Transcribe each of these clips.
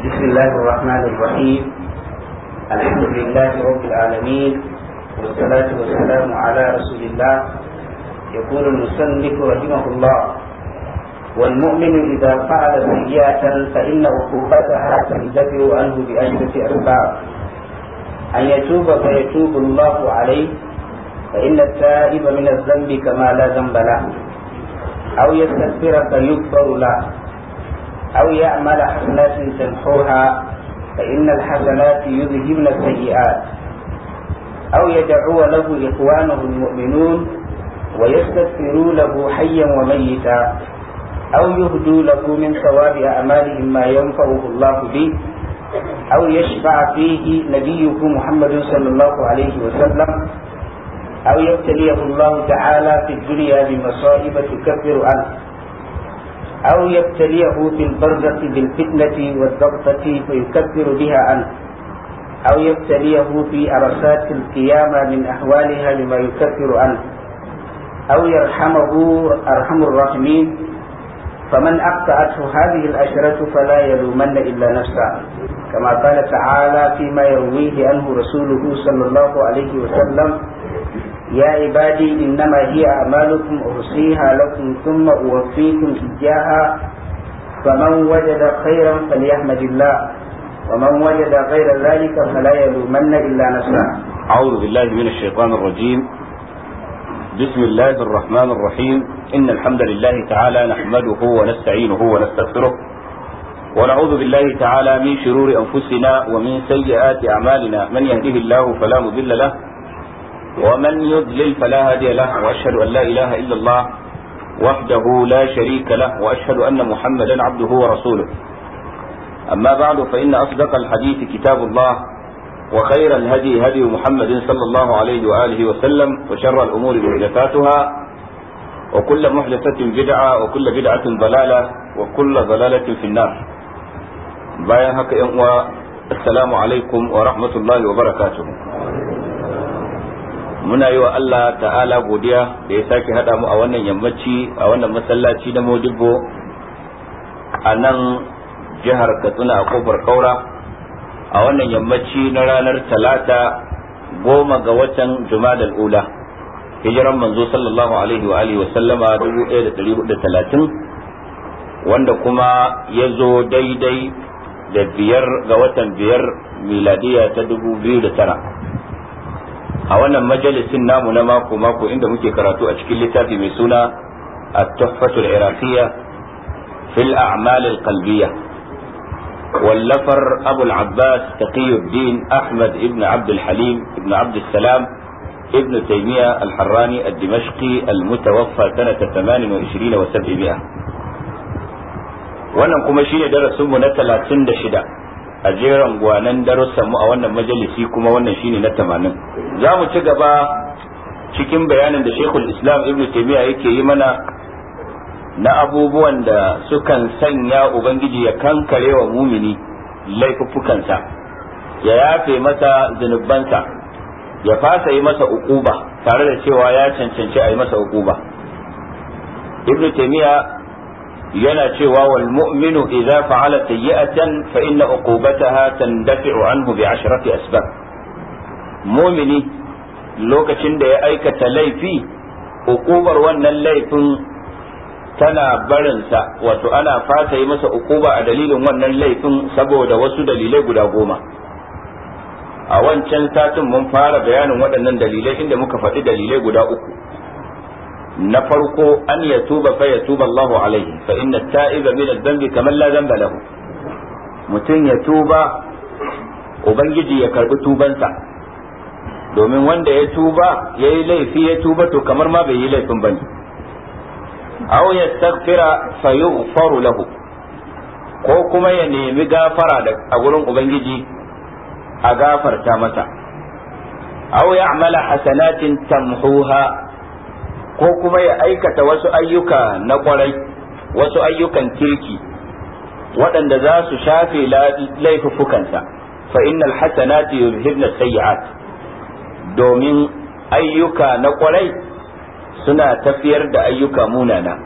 بسم الله الرحمن الرحيم الحمد لله رب العالمين والصلاة والسلام على رسول الله يقول المسلم رحمه الله والمؤمن إذا فعل سيئة فإن عقوبتها تندفع عنه بأجرة أسباب أن يتوب فيتوب الله عليه فإن التائب من الذنب كما لا ذنب له أو يستغفر فيغفر له أو يعمل حسنات تمحوها فإن الحسنات يذهبن السيئات أو يدعو له إخوانه المؤمنون ويستغفروا له حيا وميتا أو يهدوا له من ثواب أعمالهم ما ينفعه الله به أو يشفع فيه نبيه محمد صلى الله عليه وسلم أو يبتليه الله تعالى في الدنيا بمصائب تكفر عنه أو يبتليه في البرزة بالفتنة والضغطة فيكفر بها عنه أو يبتليه في أرسات القيامة من أحوالها بما يكفر عنه أو يرحمه أرحم الراحمين فمن أقطعته هذه الأشرة فلا يلومن إلا نفسه كما قال تعالى فيما يرويه عنه رسوله صلى الله عليه وسلم يا عبادي إنما هي أعمالكم أوصيها لكم ثم أوفيكم إياها فمن وجد خيرا فليحمد الله ومن وجد غير ذلك فلا يلومن إلا نفسه أعوذ بالله من الشيطان الرجيم بسم الله الرحمن الرحيم إن الحمد لله تعالى نحمده ونستعينه ونستغفره ونعوذ بالله تعالى من شرور أنفسنا ومن سيئات أعمالنا من يهده الله فلا مضل له ومن يضلل فلا هادي له واشهد ان لا اله الا الله وحده لا شريك له واشهد ان محمدا عبده ورسوله اما بعد فان اصدق الحديث كتاب الله وخير الهدي هدي محمد صلى الله عليه واله وسلم وشر الامور محدثاتها وكل محدثة بدعة وكل بدعة ضلالة وكل ضلالة في النار بايا هكا السلام عليكم ورحمة الله وبركاته muna yi wa Allah ta'ala godiya da ya sake haɗa mu a wannan yammaci a wannan masallaci na Modibbo a nan jihar Katsina a kofar Kaura a wannan yammaci na ranar Talata goma ga watan Jumadal Ula hijiran manzo sallallahu alaihi wa alihi wa sallama 1430 wanda kuma ya zo daidai da biyar ga watan biyar miladiya ta 2009 a wannan majalisin namu na mako mako inda muke karatu a cikin littafi mai suna at-tuhfatul iraqiyya fil a'mal al-qalbiyya wallafar abu al-abbas taqiyuddin ahmad ibn abd al-halim ibn abd salam ibn taymiya al-harrani ad-dimashqi al-mutawaffa sanata 28 wa 700 wannan kuma shine darasin mu na 36 a jeran gwanan darussan mu a wannan majalisi kuma wannan shine na tamanin za mu ci gaba cikin bayanin da shekul islam ibn taimiyya yake yi mana na abubuwan da sukan sanya ubangiji ya kankare wa mumini laifuffukansa ya yafe masa zunubansa ya fasa yi masa ukuba tare da cewa ya cancanci a yi masa ukuba ibn taimiyya yana cewa wal mu'minu idza fa'ala sayyi'atan fa inna uqubataha tandafi'u anhu bi ashrati asbab mu'mini lokacin da ya aikata laifi uqubar wannan laifin tana barinsa wato ana fata yi masa ukuba a dalilin wannan laifin saboda wasu dalilai guda goma a wancan satin mun fara bayanin waɗannan dalilai inda muka faɗi dalilai guda uku na farko an ya tuba fa ya tuba Allahu alaihi fa inna ta'iba min adh-dhanbi kaman la dhanba lahu mutum ya tuba ubangiji ya karbi tubansa domin wanda ya tuba yayi laifi ya tuba to kamar ma bai yi laifin bane ne aw yastaghfira fa yughfaru lahu ko kuma ya nemi gafara da a gurin ubangiji a gafarta masa aw ya'mala hasanatin tamhuha ko kuma ya aikata wasu ayyuka na kwarai wasu ayyukan kirki waɗanda za su shafe laifukanta fa innal hasanati yuzhibna sayyi'at domin ayyuka na kwarai suna tafiyar da ayyuka munana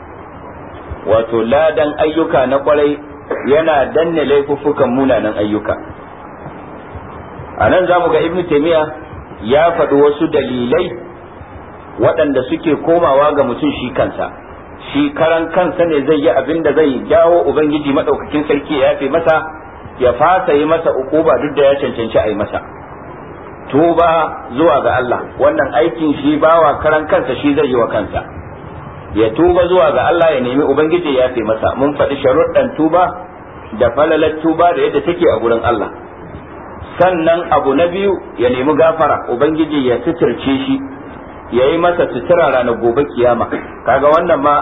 wato ladan ayyuka na kwarai yana danne laifukan munanan ayyuka a nan za mu ga ibnu taymiya ya faɗi wasu dalilai waɗanda suke komawa ga mutum shi kansa shi karan kansa ne zai yi abin da zai jawo ubangiji madaukakin sarki ya yafe masa ya fasa yi masa ukuba duk da ya cancanci a yi masa tuba zuwa ga Allah wannan aikin shi bawa karan kansa shi zai yi wa kansa ya tuba zuwa ga Allah ya nemi ubangiji ya yafe masa mun faɗi sharuɗɗan tuba da falalar tuba da yadda take a gurin Allah sannan abu na biyu ya nemi gafara ubangiji ya suturce shi yayi masa sutura ranar gobe kiyama kaga wannan ma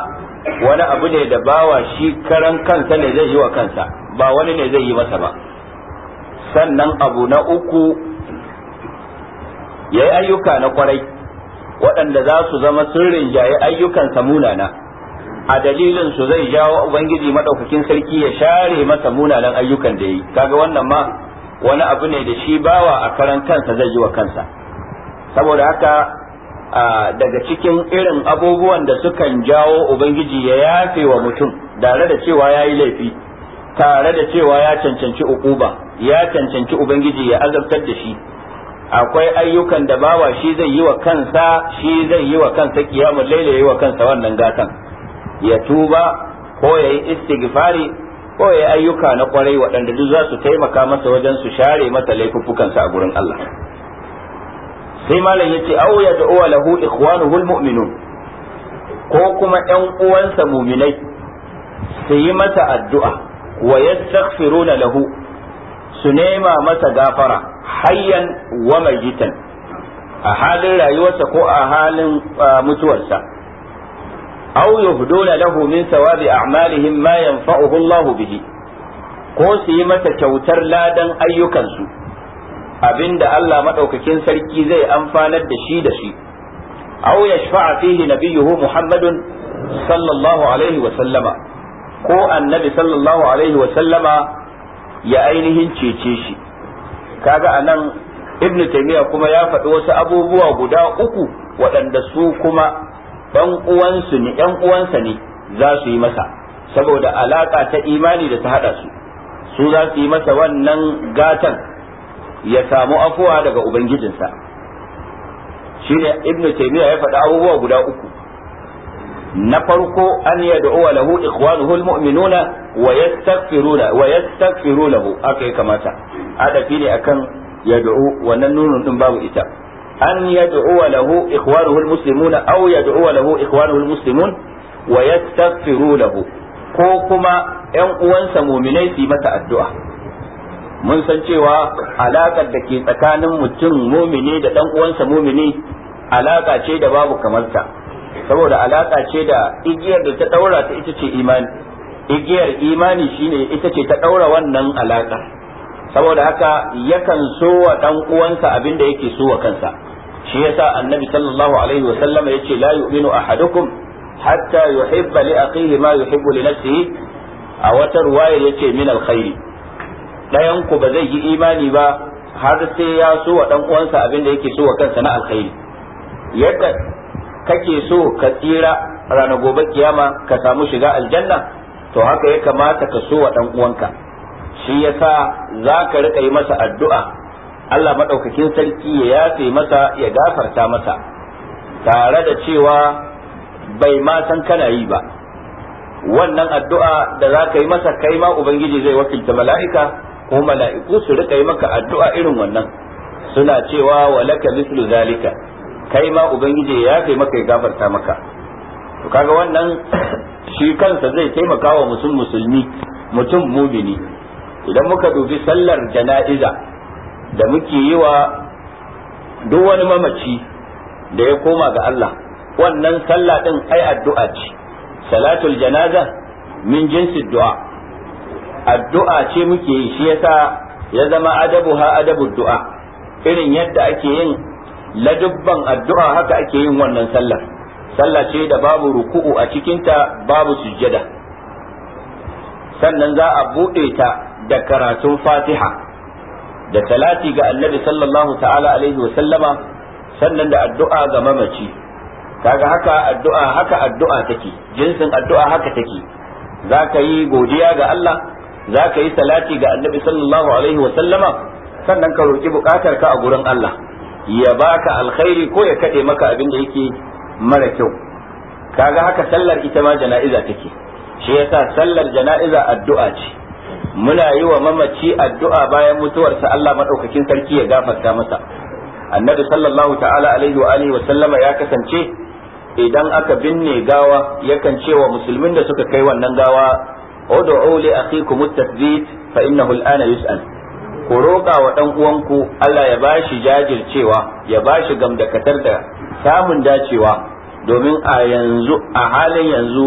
wani abu ne da bawa shi karan kansa ne zai yi wa kansa ba wani ne zai yi masa ba sannan abu na uku yayi ayyuka na kwarai waɗanda za su zama sirrin yayi ayyukansa munana a dalilin su zai jawo ubangiji madaukakin sarki ya share masa munanan ayyukan da yi kaga wannan ma wani abu ne da shi bawa a karan kansa zai yi wa kansa saboda haka daga cikin irin abubuwan da sukan jawo ubangiji ya yafe wa mutum tare da cewa ya yi laifi tare da cewa ya cancanci ukuba ya cancanci ubangiji ya azabtar da shi akwai ayyukan da bawa shi zai yi wa kansa shi zai yi wa kansa kiyamun laila yi wa kansa wannan gatan ya tuba ko ya yi istighfari ko ya yi ayyuka na kwarai waɗanda duk za su taimaka masa wajen su share masa laifuffukansa a gurin Allah sai malam yace aw yad'u lahu ikhwanuhu almu'minun ko kuma ɗan uwansa muminai su yi masa addu'a wa yastaghfiruna lahu su nema masa gafara hayyan wa majitan a halin rayuwarsa ko a halin mutuwarsa au yuhduna lahu min sawabi a'malihim ma yanfa'uhu Allahu bihi ko su yi masa kyautar ladan ayyukansu abinda Allah maɗaukakin sarki zai amfanar da shi da shi aw yashfa'a fihi nabiyuhu Muhammadun sallallahu alaihi wa sallama ko annabi sallallahu alaihi wa sallama ya ainihin cece shi kaga anan ibn taymiya kuma ya faɗi wasu abubuwa guda uku waɗanda su kuma ɗan uwansu ne ɗan uwansa ne za su yi masa saboda alaƙa ta imani da ta haɗa su su za su yi masa wannan gatan ya samu afuwa daga ubangijinsa ne Ibn taymiya ya faɗi abubuwa guda uku na farko an yad'u lahu ikhwanuhu mu'minuna wa yastaghfiruna wa yastaghfiru lahu aka yi kamata adafi ne akan yad'u wannan nunun din babu ita an yad'u lahu ikhwanuhu muslimuna aw yad'u lahu ikhwanuhu muslimun wa yastaghfiru lahu ko kuma ƴan uwansa mu'minai su yi mata addu'a mun san cewa alakar da ke tsakanin mutum mumini da dan uwansa mumini alaka ce da babu kamarta saboda alaka ce da igiyar da ta daura ta ita ce imani igiyar imani shine ita ce ta ɗaura wannan alaƙa saboda haka yakan so wa dan uwansa abin da yake so wa kansa shi yasa annabi sallallahu alaihi wa sallama yace la yu'minu ahadukum hatta yuhibba li akhihi ma yuhibbu li nafsihi a wata ruwaya yace min alkhairi ɗayan ku ba zai yi imani ba har sai ya so wa ɗan uwansa abin da yake so wa kansa na alkhairi yadda kake so ka tsira ranar gobe kiyama ka samu shiga aljanna to haka ya kamata ka so wa ɗan uwanka shi yasa za ka riƙa yi masa addu'a Allah madaukakin sarki ya yafe masa ya gafarta masa tare da cewa bai ma san kana yi ba wannan addu'a da za ka yi masa kai ma ubangiji zai wakilta mala'ika ko mala'iku su rika yi maka addu'a irin wannan suna cewa walaka mislu zalika kai ma ubangiji ya kai maka ya gafarta maka to kaga wannan shi kansa zai taimaka wa mutum musulmi mutum mumini idan muka dubi sallar jana'iza da muke yi wa duk wani mamaci da ya koma ga Allah wannan sallah din ai addu'a ce salatul janaza min jinsi du'a addu'a ce muke yi shi yasa ya zama adabu ha adabu du'a irin yadda ake yin ladubban addu'a haka ake yin wannan sallar sallah ce da babu ruku'u a cikinta babu sujjada sannan za a buɗe ta da karatun fatiha da talati ga annabi sallallahu ta'ala alaihi wa sallama sannan da addu'a ga mamaci kaga haka addu'a haka addu'a take jinsin addu'a haka take za ka yi godiya ga Allah za ka yi salati ga annabi sallallahu alaihi wa sallama sannan ka roki bukatar ka a gurin Allah ya baka alkhairi ko ya kade maka abin da yake mara kyau kaga haka sallar ita ma jana'iza take shi yasa sallar jana'iza addu'a ce muna yi wa mamaci addu'a bayan mutuwarsa Allah madaukakin sarki ya gafarta masa annabi sallallahu ta'ala alaihi wa alihi wa sallama ya kasance idan aka binne gawa yakan ce wa musulmin da suka kai wannan gawa ادعوا li akhikum at-tathbit fa innahu al-ana ku roƙa wa uwanku Allah ya bashi jajircewa ya bashi gamdakatar da samun dacewa domin a yanzu a halin yanzu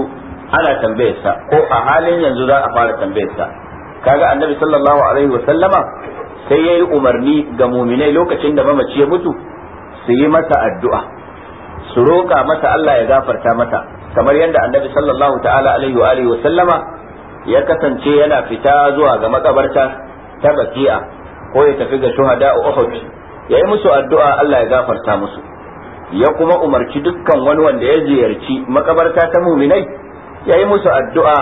ana tambayarsa ko a halin yanzu za a fara tambayarsa kaga annabi sallallahu alaihi wa sallama sai yayi umarni ga muminai lokacin da mamaci ya mutu su yi masa addu'a su roƙa masa Allah ya gafarta masa kamar yadda annabi sallallahu ta'ala alaihi wa alihi wa sallama ya kasance yana fita zuwa ga makabarta ta baki'a ko ya tafi ga shuhada a Uhud ya yi musu addu'a Allah ya gafarta musu ya kuma umarci dukkan wani wanda ya ziyarci makabarta ta muminai ya yi musu addu'a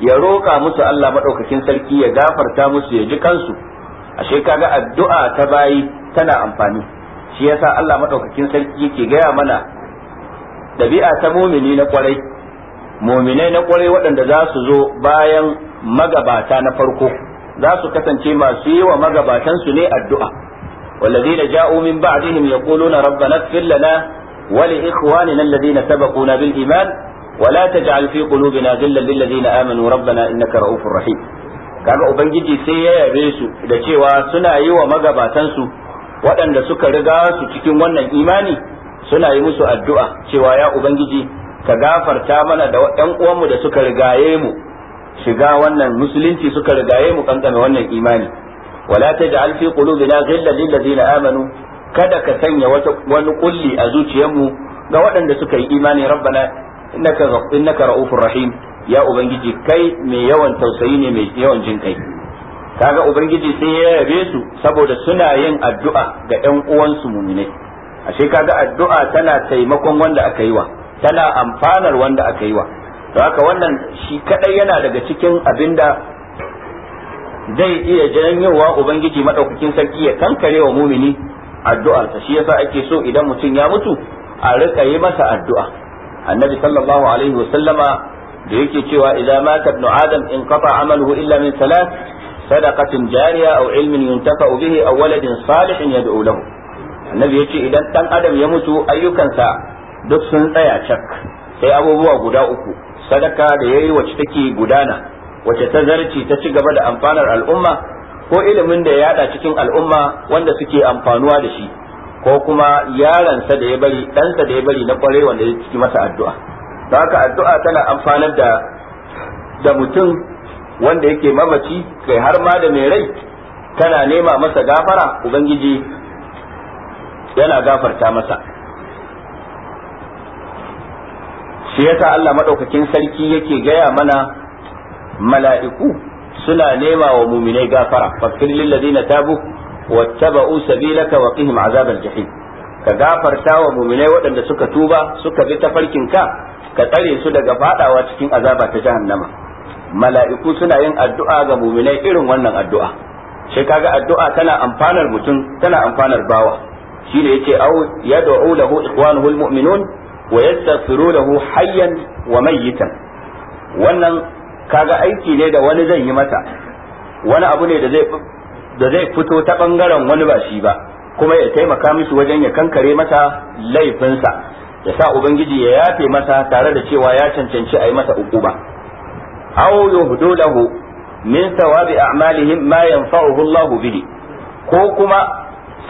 ya roƙa musu Allah maɗaukakin sarki ya gafarta musu ya ji kansu ashe kaga addu'a ta bayi tana amfani shi yasa Allah maɗaukakin sarki yake gaya mana dabi'a ta mumini na kwarai muminai na kwarai waɗanda za su zo bayan magabata na farko za su kasance masu yi wa magabatansu ne addu'a والذين جاءوا من بعدهم يقولون ربنا اغفر لنا ولإخواننا الذين سبقونا بالإيمان ولا تجعل في قلوبنا غلا للذين آمنوا ربنا إنك رؤوف رحيم kaga ubangiji sai ya yabe su da cewa suna yi wa magabatansu waɗanda suka riga su cikin wannan imani suna yi musu addu'a cewa ya ubangiji ka gafarta mana da ɗan uwanmu da suka rigaye mu shiga wannan musulunci suka rigaye mu kankana wannan imani wala taj'al fi qulubina ghillan lil ladina amanu kada ka sanya wani kulli a zuciyarmu ga waɗanda suka yi imani rabbana innaka innaka raufur rahim ya ubangiji kai mai yawan tausayi ne mai yawan jin kai kaga ubangiji sai ya yabe su saboda suna yin addu'a ga ƴan uwansu muminai ashe kaga addu'a tana taimakon wanda aka yi wa tana amfanar wanda aka yi wa haka wannan shi kadai yana daga cikin abinda zai iya janyowa ubangiji madaukakin sarki ya kankare wa mumini addu'arsa shi yasa ake so idan mutum ya mutu a rika yi masa addu'a annabi sallallahu alaihi wasallama da yake cewa idan mata ibnu adam in qata amaluhu illa min salat sadaqatin jariya aw ilmin yuntaka bihi aw waladin salihin yad'u lahu annabi yace idan dan adam ya mutu ayyukansa duk sun tsaya cak sai abubuwa guda uku sadaka da yayi wacce take gudana wacce ta zarci ta ci gaba da amfanar al'umma ko ilimin da ya yada cikin al'umma wanda suke amfanuwa da shi ko kuma yaransa da ya bari ɗansa da ya bari na kwarai wanda ya ciki masa addu'a don haka addu'a tana amfanar da da mutum wanda yake mamaci kai har ma da mai rai tana nema masa gafara ubangiji yana gafarta masa shi yasa Allah madaukakin sarki yake gaya mana mala'iku suna nema wa muminai gafara fakir lil ladina tabu wattaba'u sabilaka wa qihim azabal jahim ka gafarta wa muminai waɗanda suka tuba suka bi ta farkin ka ka tsare su daga fadawa cikin azaba ta jahannama mala'iku suna yin addu'a ga muminai irin wannan addu'a shi kaga addu'a tana amfanar mutum tana amfanar bawa shine yace au yad'u lahu ikhwanuhu almu'minun wa yastaghfirunahu hayyan wa mayyitan wannan kaga aiki ne da wani zan yi mata wani abu ne da zai da zai fito ta bangaren wani ba shi ba kuma ya taimaka musu wajen ya kankare masa laifinsa ya sa ubangiji ya yafe masa tare da cewa ya cancanci a yi masa ukuba aw yuhdu lahu min thawabi a'malihim ma yanfa'uhu Allah bihi ko kuma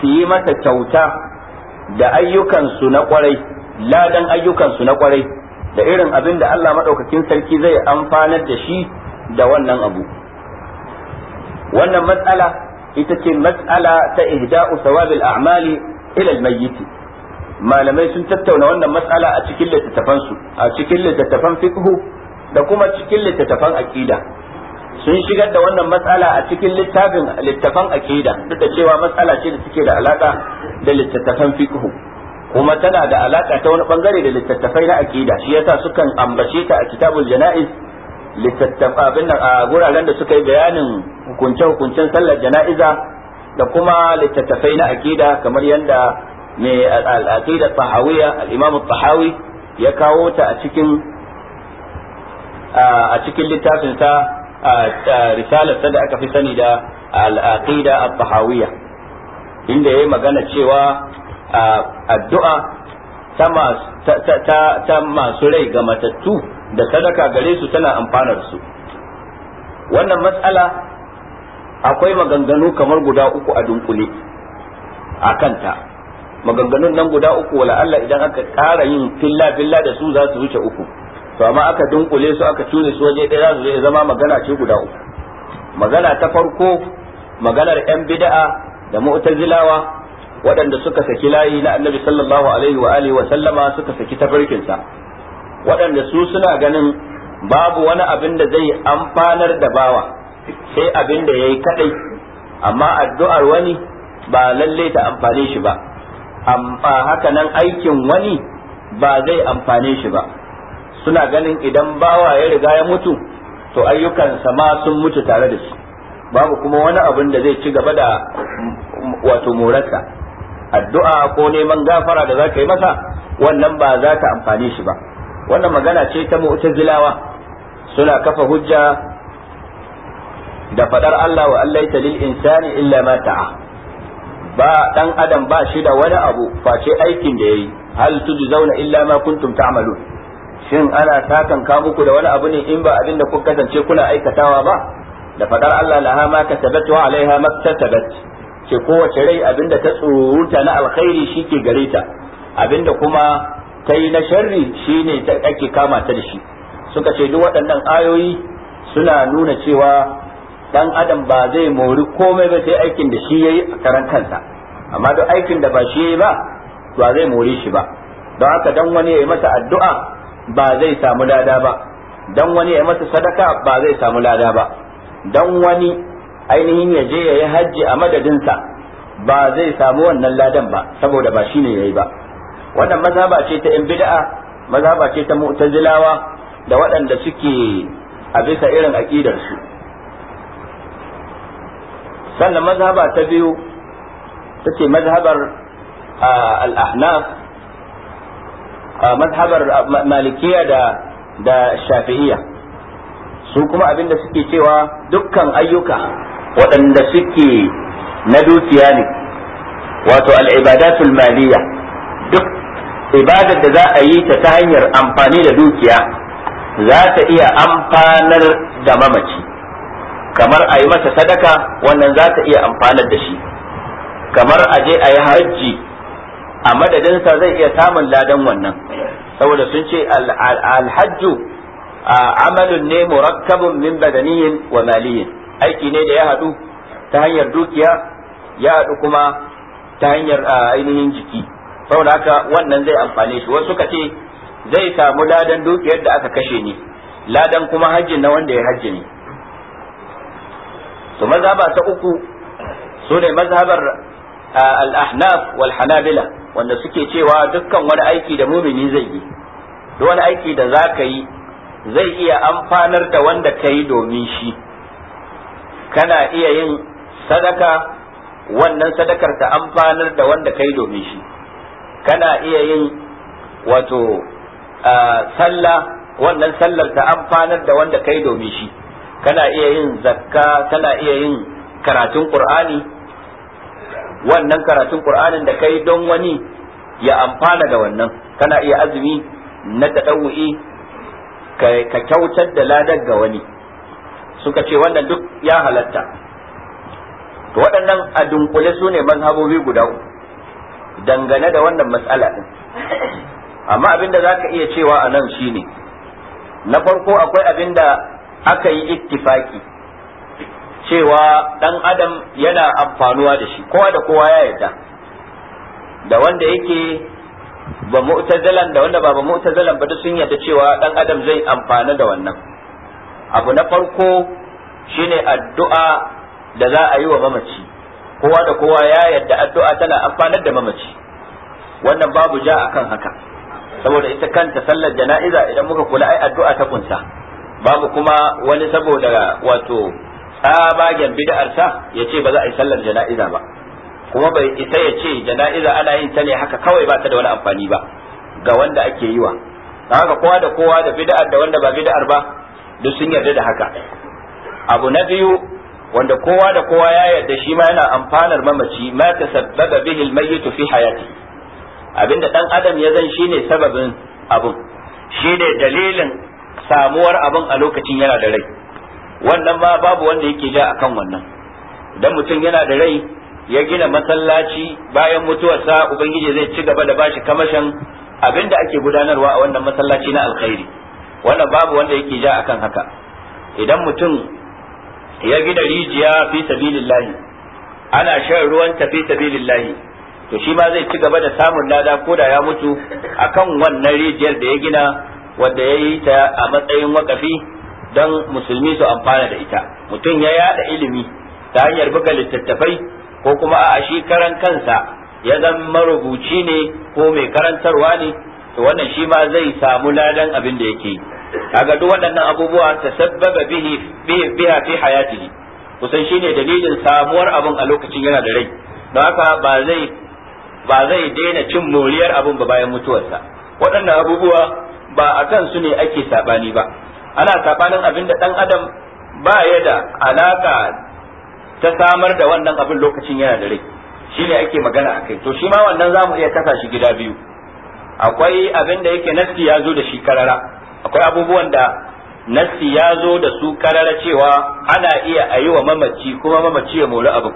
su yi mata kyauta da ayyukansu na kwarai ladan ayyukansu na kwarai da irin abin da Allah maɗaukakin sarki zai amfanar da shi da wannan abu wannan matsala ita ce matsala ta ihda'u sawabil a'mali ila al-mayyit malamai sun tattauna wannan matsala a cikin littattafan su a cikin littattafan fiqh da kuma cikin littattafan aqida sun shigar da wannan matsala a cikin littafin littafan aqida duk da cewa matsala ce da take da alaka da littattafan fiqh kuma tana da alaka ta wani bangare da littattafai na akida shi yasa sukan ambace ta a kitabul janaiz littattafan a guraren da suka yi bayanin hukunce hukuncen sallar jana'iza da kuma littattafai na akida kamar yadda mai al tahawiyya al-imam tahawi ya kawo ta a cikin a cikin littafin sa risalar da aka fi sani da al-aqida at-tahawiyya inda yayi magana cewa addu'a ta masu rai ga matattu da sadaka gare su tana amfanar su wannan matsala akwai maganganu kamar guda uku a dunkule a kanta maganganun nan guda uku wala Allah idan aka ƙara yin filla filla da su za su wuce uku to amma aka dunkule su aka cune su waje ɗaya za su zama magana ce guda uku magana ta farko maganar 'yan bida'a, da mu'tazilawa waɗanda suka saki layi na annabi sallallahu alaihi wa alihi wa sallama suka saki sa waɗanda su suna ganin babu wani abin da zai amfanar da bawa sai abin da ya yi amma addu'ar wani ba lalle ta amfane shi ba amma haka nan aikin wani ba zai amfane shi ba suna ganin idan bawa ya riga ya mutu to ayyukansa ma sun mutu tare da shi babu kuma wani abin da zai ci gaba da wato morarsa addu'a ko neman gafara da za ka yi masa wannan ba za ta amfani shi ba wannan magana ce ta mu'tazilawa suna kafa hujja da fadar Allah wa Allah lil insani illa ma ta'a ba dan adam ba shi da wani abu face aikin da yayi hal tujzauna illa ma kuntum ta'malun shin ana takan ka muku da wani abu ne in ba abin da kasance kuna aikatawa ba da fadar Allah laha ma katabat wa alaiha maktasabat ce kowace rai abinda ta tsoruta na alkhairi shi ke gare ta abinda kuma ta yi na sharri shine ta ake kama ta da shi suka ce duk waɗannan ayoyi suna nuna cewa ɗan adam ba zai mori komai ba sai aikin da shi yayi a karan kansa amma duk aikin da ba shi yayi ba ba zai mori shi ba don haka dan wani ya yi masa addu'a ba zai samu lada ba dan wani ya yi masa sadaka ba zai samu lada ba dan wani ainihin ya je ya yi hajji a madadinsa ba zai samu wannan ladan ba saboda ba shine yayi ba wannan mazhaba ce ta bid'a mazhaba ce ta mu'tazilawa da waɗanda suke a bisa irin aqidar su sannan mazhaba ta biyu tace mazhabar al-ahnaf mazhabar malikiya da da shafi'iyya su kuma abinda suke cewa dukkan ayyuka waɗanda suke na dukiya ne wato al'ibadatul maliya duk ibadar da za a yi ta ta hanyar amfani da dukiya za ta iya amfanar da mamaci kamar a yi masa sadaka wannan za ta iya amfanar da shi kamar a je a yi hajji a madadinsa zai iya samun ladan wannan saboda sun ce alhajju amalin ne murakkabun min badaniyin wa maliyin aiki ne da ya haɗu ta hanyar dukiya ya haɗu kuma ta hanyar ainihin jiki saboda haka wannan zai amfane shi wasu ka ce zai samu ladan dukiyar da aka kashe ni ladan kuma hajji na wanda ya hajji ne to mazhaba ta uku su ne mazhabar al-ahnaf wal hanabila wanda suke cewa dukkan wani aiki da mumini zai yi duk wani aiki da za ka yi zai iya amfanar da wanda ka yi domin shi kana iya yin sadaka wannan sadakar ta amfanar da wanda kai domin shi kana iya yin wato sallah wannan sallar ta amfanar da wanda kai domin shi kana iya yin zakka kana iya yin karatun qur'ani wannan karatun qur'anin da kai don wani ya amfana da wannan kana iya azumi na tadawu'i ka kyautar da ladar ga wani suka ce wannan duk ya halatta to waɗannan a dunkule su ne mazhabobi guda dangane da wannan matsala ɗin amma abinda za ka iya cewa a nan shine na farko akwai abin da aka yi ittifaki cewa ɗan adam yana amfanuwa da shi kowa da kowa ya yarda da wanda yake ba mu'tazalan da wanda ba ba mu'tazalan ba duk sun yarda cewa ɗan adam zai amfana da wannan abu na farko shine addu'a da za a yi wa mamaci kowa da kowa ya yadda addu'a tana amfanar da mamaci wannan babu ja akan haka saboda ita kanta sallar jana'iza idan muka kula ai addu'a ta kunsa babu kuma wani saboda wato tsabagen bid'ar ya ce ba za a yi sallar jana'iza ba kuma bai isa ya ce jana'iza ana yin ta ne haka kawai ba ta da wani amfani ba ga wanda ake yi wa haka kowa da kowa da bid'ar da wanda ba bid'ar ba duk sun yarda da haka abu na biyu wanda kowa da kowa ya yarda shi ma yana amfanar mamaci ma ta sabbaba bihi almayyitu fi hayati abinda dan adam ya zan shine sababin abun shine dalilin samuwar abun a lokacin yana da rai wannan ma babu wanda yake ja akan wannan Dan mutum yana da rai ya gina masallaci bayan mutuwarsa ubangiji zai ci gaba da bashi kamashin abinda ake gudanarwa a wannan masallaci na alkhairi wannan babu wanda yake ja akan haka idan mutum ya gina rijiya fi sabilillahi ana shan ruwan ta fi sabilillahi to shi ma zai ci gaba da samun lada ko da ya mutu akan wannan rijiyar da ya gina wanda ya yi ta a matsayin wakafi don musulmi su amfana da ita mutum ya yada ilimi ta hanyar buga littattafai ko kuma a shi karan kansa ya zama marubuci ne ko mai karantarwa ne to wannan shi ma zai samu ladan abin da yake kaga duk waɗannan abubuwa ta bihi biha fi hayatihi kusan shine dalilin samuwar abun a lokacin yana da rai don haka ba zai ba zai daina cin moriyar abun ba bayan mutuwarsa waɗannan abubuwa ba a kan su ne ake sabani ba ana sabanin abin da ɗan adam ba ya da alaka ta samar da wannan abin lokacin yana da rai shine ake magana a kai to shi ma wannan za mu iya kasa shi gida biyu akwai abin da yake nasti ya zo da shi kararra akwai abubuwan da nassi ya zo da su karara cewa ana iya a yi wa mamaci kuma mamaci ya mori abu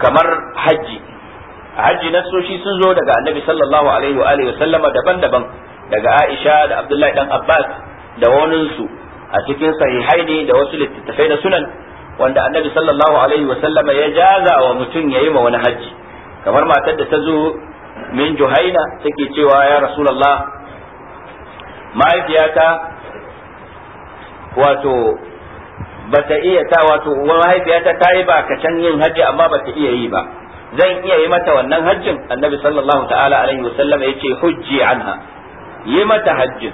kamar hajji A hajji na soshi sun zo daga annabi sallallahu alaihi wa sallama daban-daban daga aisha da abdullahi dan abbas da waninsu a cikin ne da wasu littattafai na sunan wanda annabi sallallahu alaihi wa sallama ya jaza wa mutum ya yi ma wani hajji kamar matar da ta zo min juhaina take cewa ya rasulullah mahaifiyata wato ba ta iya ta wato mahaifiyata ta yi can yin hajji amma ba ta iya yi ba zan iya yi mata wannan hajjin annabi sallallahu ta'ala alaihi wasallam ya ce hujji anha yi mata hajjin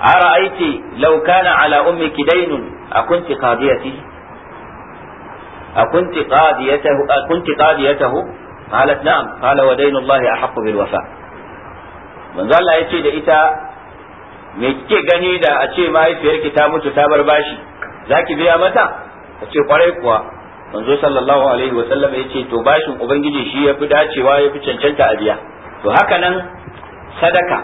a ara'aiti law kana ala ummiki daynun akunti qadiyati akunti qadiyatahu akunti qadiyatahu qalat na'am qala wa daynu allahi ahqqu bil wafa manzo Allah yace da ita me kike gani da a ce mahaifiyarki ta mutu ta bar bashi zaki biya mata a ce kwarai kuwa manzo sallallahu alaihi wa sallam yace to bashin ubangiji shi ya fi dacewa yafi cancanta a biya to haka nan sadaka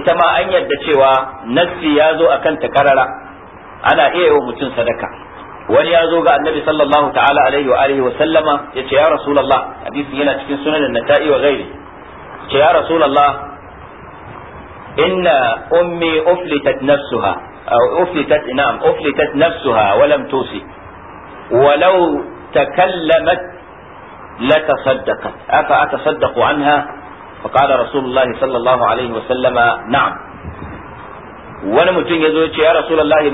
ita ma an yarda cewa nassi ya zo akan ta karara ana iya yi wa mutum sadaka wani ya zo ga annabi sallallahu ta'ala alaihi wa alihi wa sallama yace ya rasulullah hadisi yana cikin sunan nasa'i wa ghairi ce ya rasulullah إن أمي أفلتت نفسها أو أفلتت نعم أفلتت نفسها ولم توصي ولو تكلمت لتصدقت أفأتصدق عنها فقال رسول الله صلى الله عليه وسلم نعم wani mutum ya zo ya ce ya rasulullahi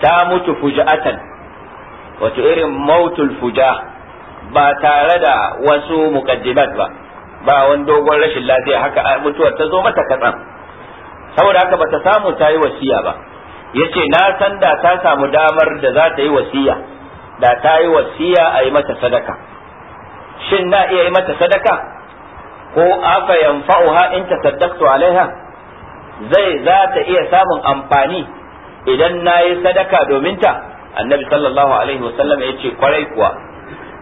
تاموت فجأة mutu موت الفجاه باتاردا mautul fuja ba wani dogon rashin lafiya haka mutuwar ta zo mata katsan saboda haka bata samu ta yi wasiya ba yace na san da ta samu damar da za ta yi wasiya da ta yi wasiya a yi mata sadaka shin na iya yi mata sadaka ko afa yanfa'uha in tasaddaqtu alaiha zai za ta iya samun amfani idan na yi sadaka domin ta annabi sallallahu alaihi wasallam ya ce kwarai kuwa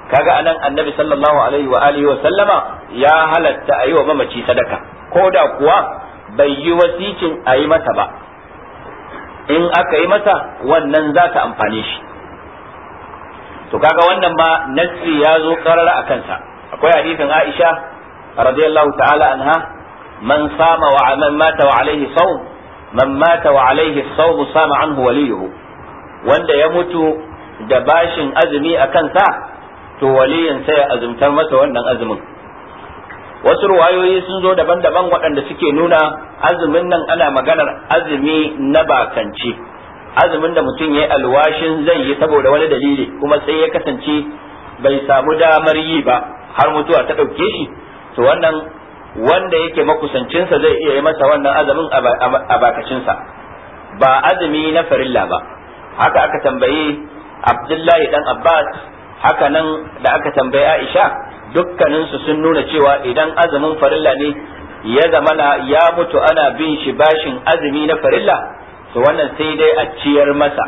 kaga anan annabi sallallahu alaihi wa alihi wa sallama ya halatta a yi wa mamaci sadaka ko da kuwa bai yi wasicin a yi masa ba in aka yi masa wannan za ta amfane shi to kaga wannan ma nassi ya zo karara a kansa akwai hadisin Aisha radiyallahu ta'ala anha man sama wa man mata wa alaihi sawm man mata wa alaihi sawm sama anhu waliyuhu wanda ya mutu da bashin azumi a kansa to waliyin sai ya azumtar masa wannan azumin wasu ruwayoyi sun zo daban-daban waɗanda suke nuna azumin nan ana maganar azumi na bakanci azumin da mutum ya yi alwashin zai yi saboda wani dalili kuma sai ya kasance bai samu damar yi ba har mutuwa ta ɗauke shi to wannan wanda yake makusancinsa zai iya yi masa wannan azumin a bakacinsa ba azumi na farilla ba haka aka tambayi abdullahi dan abbas haka nan da aka tambayi Aisha dukkaninsu sun nuna cewa idan azumin farilla ne ya zamana ya mutu ana bin shi bashin azumi na farilla to wannan sai dai a ciyar masa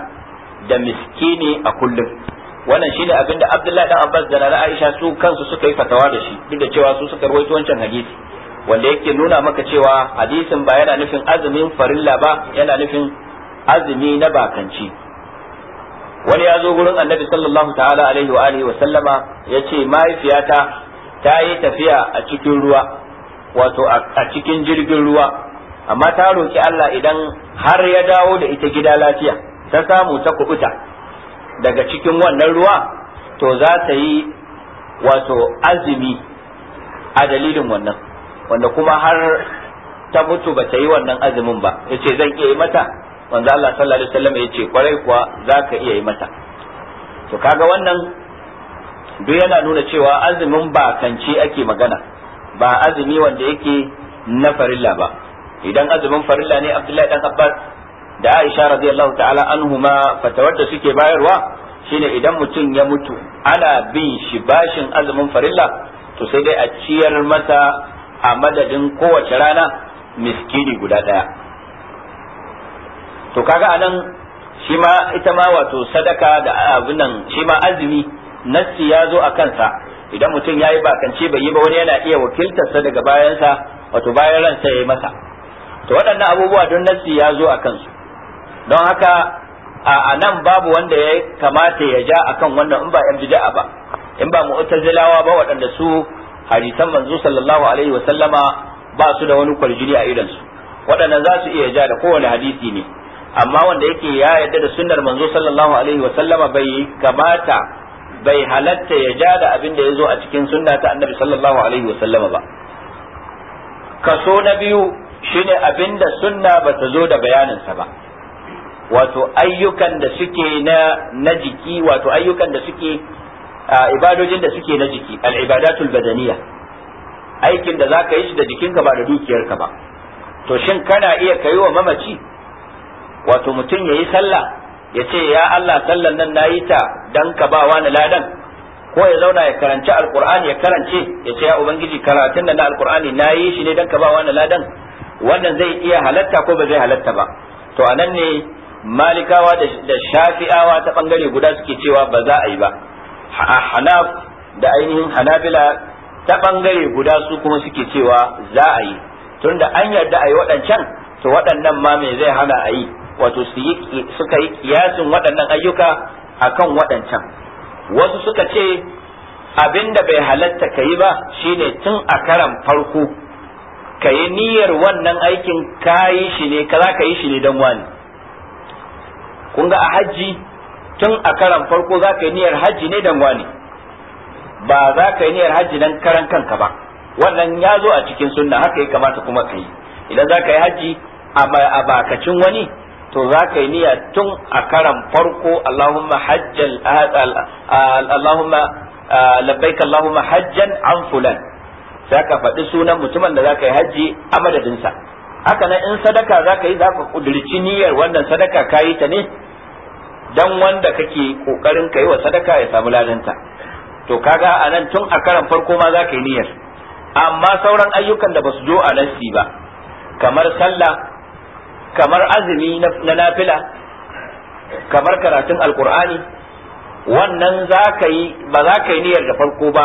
da miskini a kullum wannan shine abin da Abdullahi dan Abbas da Nana Aisha su kansu suka yi fatawa da shi duk da cewa su suka rawaito wancan hadisi wanda yake nuna maka cewa hadisin ba yana nufin azumin farilla ba yana nufin azumi na bakanci wani ya zo gurin annabi sallallahu ta'ala alaihi wa alihi wa sallama ya yace mahaifiyata ta yi tafiya a cikin ruwa wato a cikin jirgin ruwa amma ta roki Allah idan har ya dawo da ita gida lafiya ta samu ta kubuta daga cikin wannan ruwa to za ta yi wato azumi a dalilin wannan wanda kuma har ta mutu ba ta yi wannan azumin ba yace zan iya yi mata Wanza Allah sallallahu alaihi wasallam ce kwarai kuwa zaka iya yi mata to kaga wannan duk yana nuna cewa azumin ba ake magana ba azumi wanda yake na farilla ba idan azumin farilla ne Abdullahi dan Abbas da Aisha radiyallahu ta'ala anhuma fatawar da suke bayarwa shine idan mutum ya mutu ana bin shi bashin azumin farilla to sai dai a ciyar masa a madadin kowace rana miskini guda daya to kaga anan shi ma ita ma wato sadaka da abin nan shi ma azumi nassi ya zo a kansa idan mutum ya yi bakance bai yi ba wani yana iya wakiltarsa daga bayansa wato bayan ransa ya yi masa to waɗannan abubuwa don nassi ya zo a kansu don haka a nan babu wanda ya kamata ya ja akan wannan in ba yan bid'a ba in ba mu'tazilawa ba waɗanda su hadisan manzo sallallahu alaihi wa sallama ba su da wani kwarjini a su waɗannan za su iya ja da kowane hadisi ne amma wanda yake ya yarda da sunnar manzo sallallahu alaihi wa sallama bai kamata bai halatta ya ja da abin da ya zo a cikin sunna ta annabi sallallahu alaihi wa sallama ba kaso na biyu shine abin da sunna ba ta zo da bayaninsa ba wato ayyukan da suke na na jiki wato ayyukan da suke ibadojin da suke na jiki al-ibadatul badaniya aikin da zaka yi shi da jikinka ba da dukiyarka ba to shin kana iya kaiwa mamaci wato mutum yayi sallah ya ce ya Allah sallan nan nayi ta dan ka ba wani ladan ko ya zauna ya karanci alqur'ani ya karance ya ce ya ubangiji karatun nan na na yi shi ne dan ka ba wani ladan wannan zai iya halatta ko ba zai halatta ba to anan ne malikawa da shafi'awa ta bangare guda suke cewa ba za a yi ba hanaf da ainihin hanabila ta bangare guda su kuma suke cewa za a yi tunda an yarda a yi waɗancan to waɗannan ma me zai hana a yi wato suka yi kiyasin waɗannan ayyuka akan waɗancan wasu suka ce abinda bai halatta ka yi ba shine tun a karan farko ka yi niyyar wannan aikin ka yi shi ne ka za ka yi shi ne don wani kun ga a hajji tun a karan farko za ka yi niyyar hajji ne don wani ba za ka yi niyyar hajji don karan kanka ba wannan ya zo a cikin sunna haka ya kamata kuma ka yi idan za ka yi hajji a bakacin wani to za ka yi niyya tun a karan farko Allahumma hajjal Allahumma Allahumma hajjan an fulan za ka faɗi sunan mutumin da za ka yi hajji a madadinsa haka nan in sadaka za ka yi za ka kudurci niyyar wannan sadaka ka yi ta ne dan wanda kake kokarin ka yi wa sadaka ya samu ladanta to kaga a nan tun a karan farko ma za ka yi niyyar amma sauran ayyukan da ba su zo a nasi ba kamar sallah kamar azumi na nafila kamar karatun alkur'ani wannan za ka yi ba za ka yi niyyar da farko ba